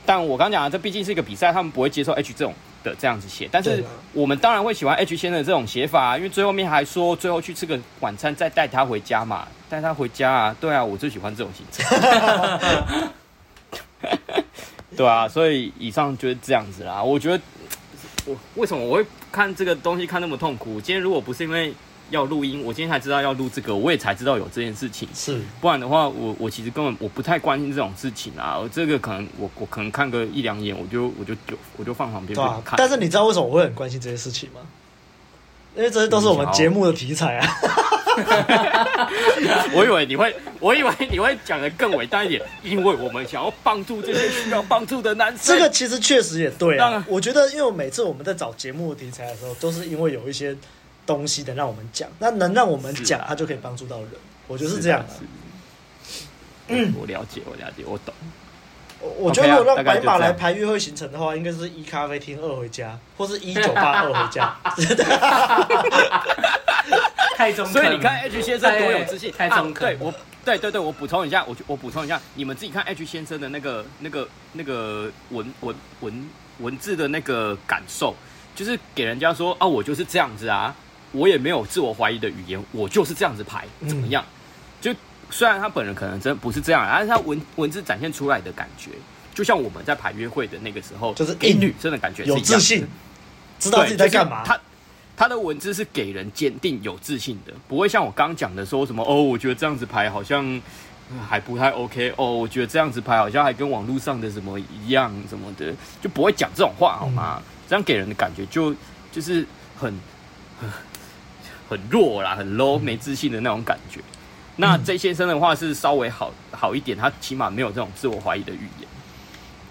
但我剛剛講的，這畢竟是一個比賽，他們不會接受 H 這種的這樣子寫。但是我們當然會喜歡 H 先生這種寫法，因為最後面還說最後去吃個晚餐，再帶他回家嘛，帶他回家啊，對啊，我最喜歡這種形式。 對啊，所以以上就是這樣子啦。我覺得我為什麼我會看這個東西看那麼痛苦，今天如果不是因為要錄音，我今天才知道要錄這個，我也才知道有這件事情。是，不然的話，我我其實根本我不太關心這種事情啊。我這個可能我我可能看個一兩眼，我就我就就我就放旁邊、啊、不看。但是你知道為什麼我會很關心這些事情嗎？因為這些都是我們節目的題材啊。 我以為你會，我以為你會講得更偉大一點， 因為我們想要幫助這些需要幫助的男生。這個其實確實也對、啊啊、我覺得，因為每次我們在找節目題材的時候，都是因為有一些東西能讓我們講，那能讓我們講，啊、他就可以幫助到人。我就是這樣、啊。嗯、啊啊啊，我了解，我了解，我懂。我覺得如果讓、okay 啊、白馬來排約會行程的話，應該是一咖啡廳，二回家，或是一酒吧，二回家， 太中肯。所以你看 H 先生多有自信，太中肯，啊。對，我，對，對，對，我補充一下，我，我補充一下，你們自己看 H 先生的那個、那個、那個文文文文字的那個感受，就是給人家說啊，我就是這樣子啊，我也沒有自我懷疑的語言，我就是這樣子排，怎麼樣？嗯雖然他本人可能真不是這樣，但是他文文字展現出來的感覺，就像我們在排約會的那個時候，就是一女生的感覺， 有自信，知道自己在幹嘛。就是、他他的文字是給人堅定有自信的，不會像我剛剛講的說什麼哦，我覺得這樣子排好像還不太 OK 哦，我覺得這樣子排好像還跟網絡上的什麼一樣什麼的，就不會講這種話好嗎？嗯、這樣給人的感覺就就是很很,很弱啦，很 low，、嗯、沒自信的那種感覺。那傑先生的話是稍微好、嗯、好、好一點，他起碼沒有這種自我懷疑的語言。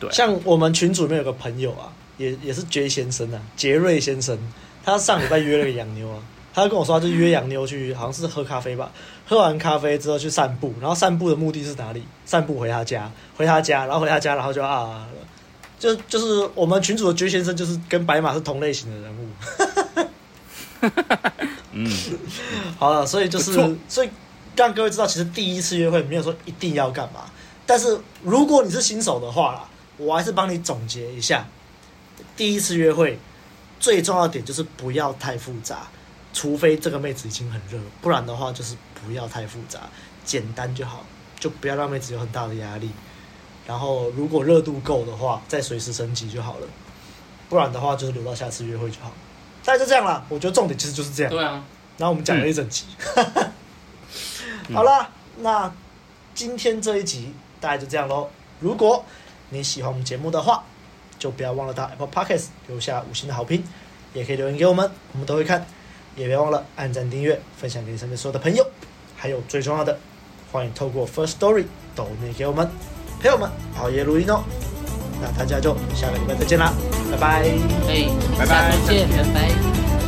對、啊，像我們群組裡面有個朋友啊，也也是傑先生啊，傑瑞先生，他上禮拜約了個洋妞啊， 他就跟我說，他就約洋妞去，好像是喝咖啡吧，喝完咖啡之後去散步，然後散步的目的是哪裡？散步回他家，回他家，然後回他家，然後就啊，就就是我們群組的傑先生，就是跟白馬是同類型的人物。 嗯， 好了，所以就是錯所以。讓各位知道，其實第一次約會沒有說一定要幹嘛。但是如果你是新手的話啦，我還是幫你總結一下。第一次約會最重要的點就是不要太複雜，除非這個妹子已經很熱，不然的話就是不要太複雜，簡單就好，就不要讓妹子有很大的壓力。然後如果熱度夠的話，再隨時升級就好了。不然的話就是留到下次約會就好。大概就這樣啦，我覺得重點其實就是這樣。對啊，然後我們講了一整集。嗯 嗯、好啦，那今天這一集大概就這樣嘍。如果你喜歡我們節目的話，就不要忘了到 Apple Podcasts 留下五星的好評，也可以留言給我們，我們都會看。也別忘了按讚、訂閱、分享給你身邊所有的朋友，還有最重要的，歡迎透過 Firstory 抖內給我們，陪我們熬夜錄音哦。那大家就下個禮拜再見啦，拜拜，嘿拜拜，再見，拜拜。拜拜。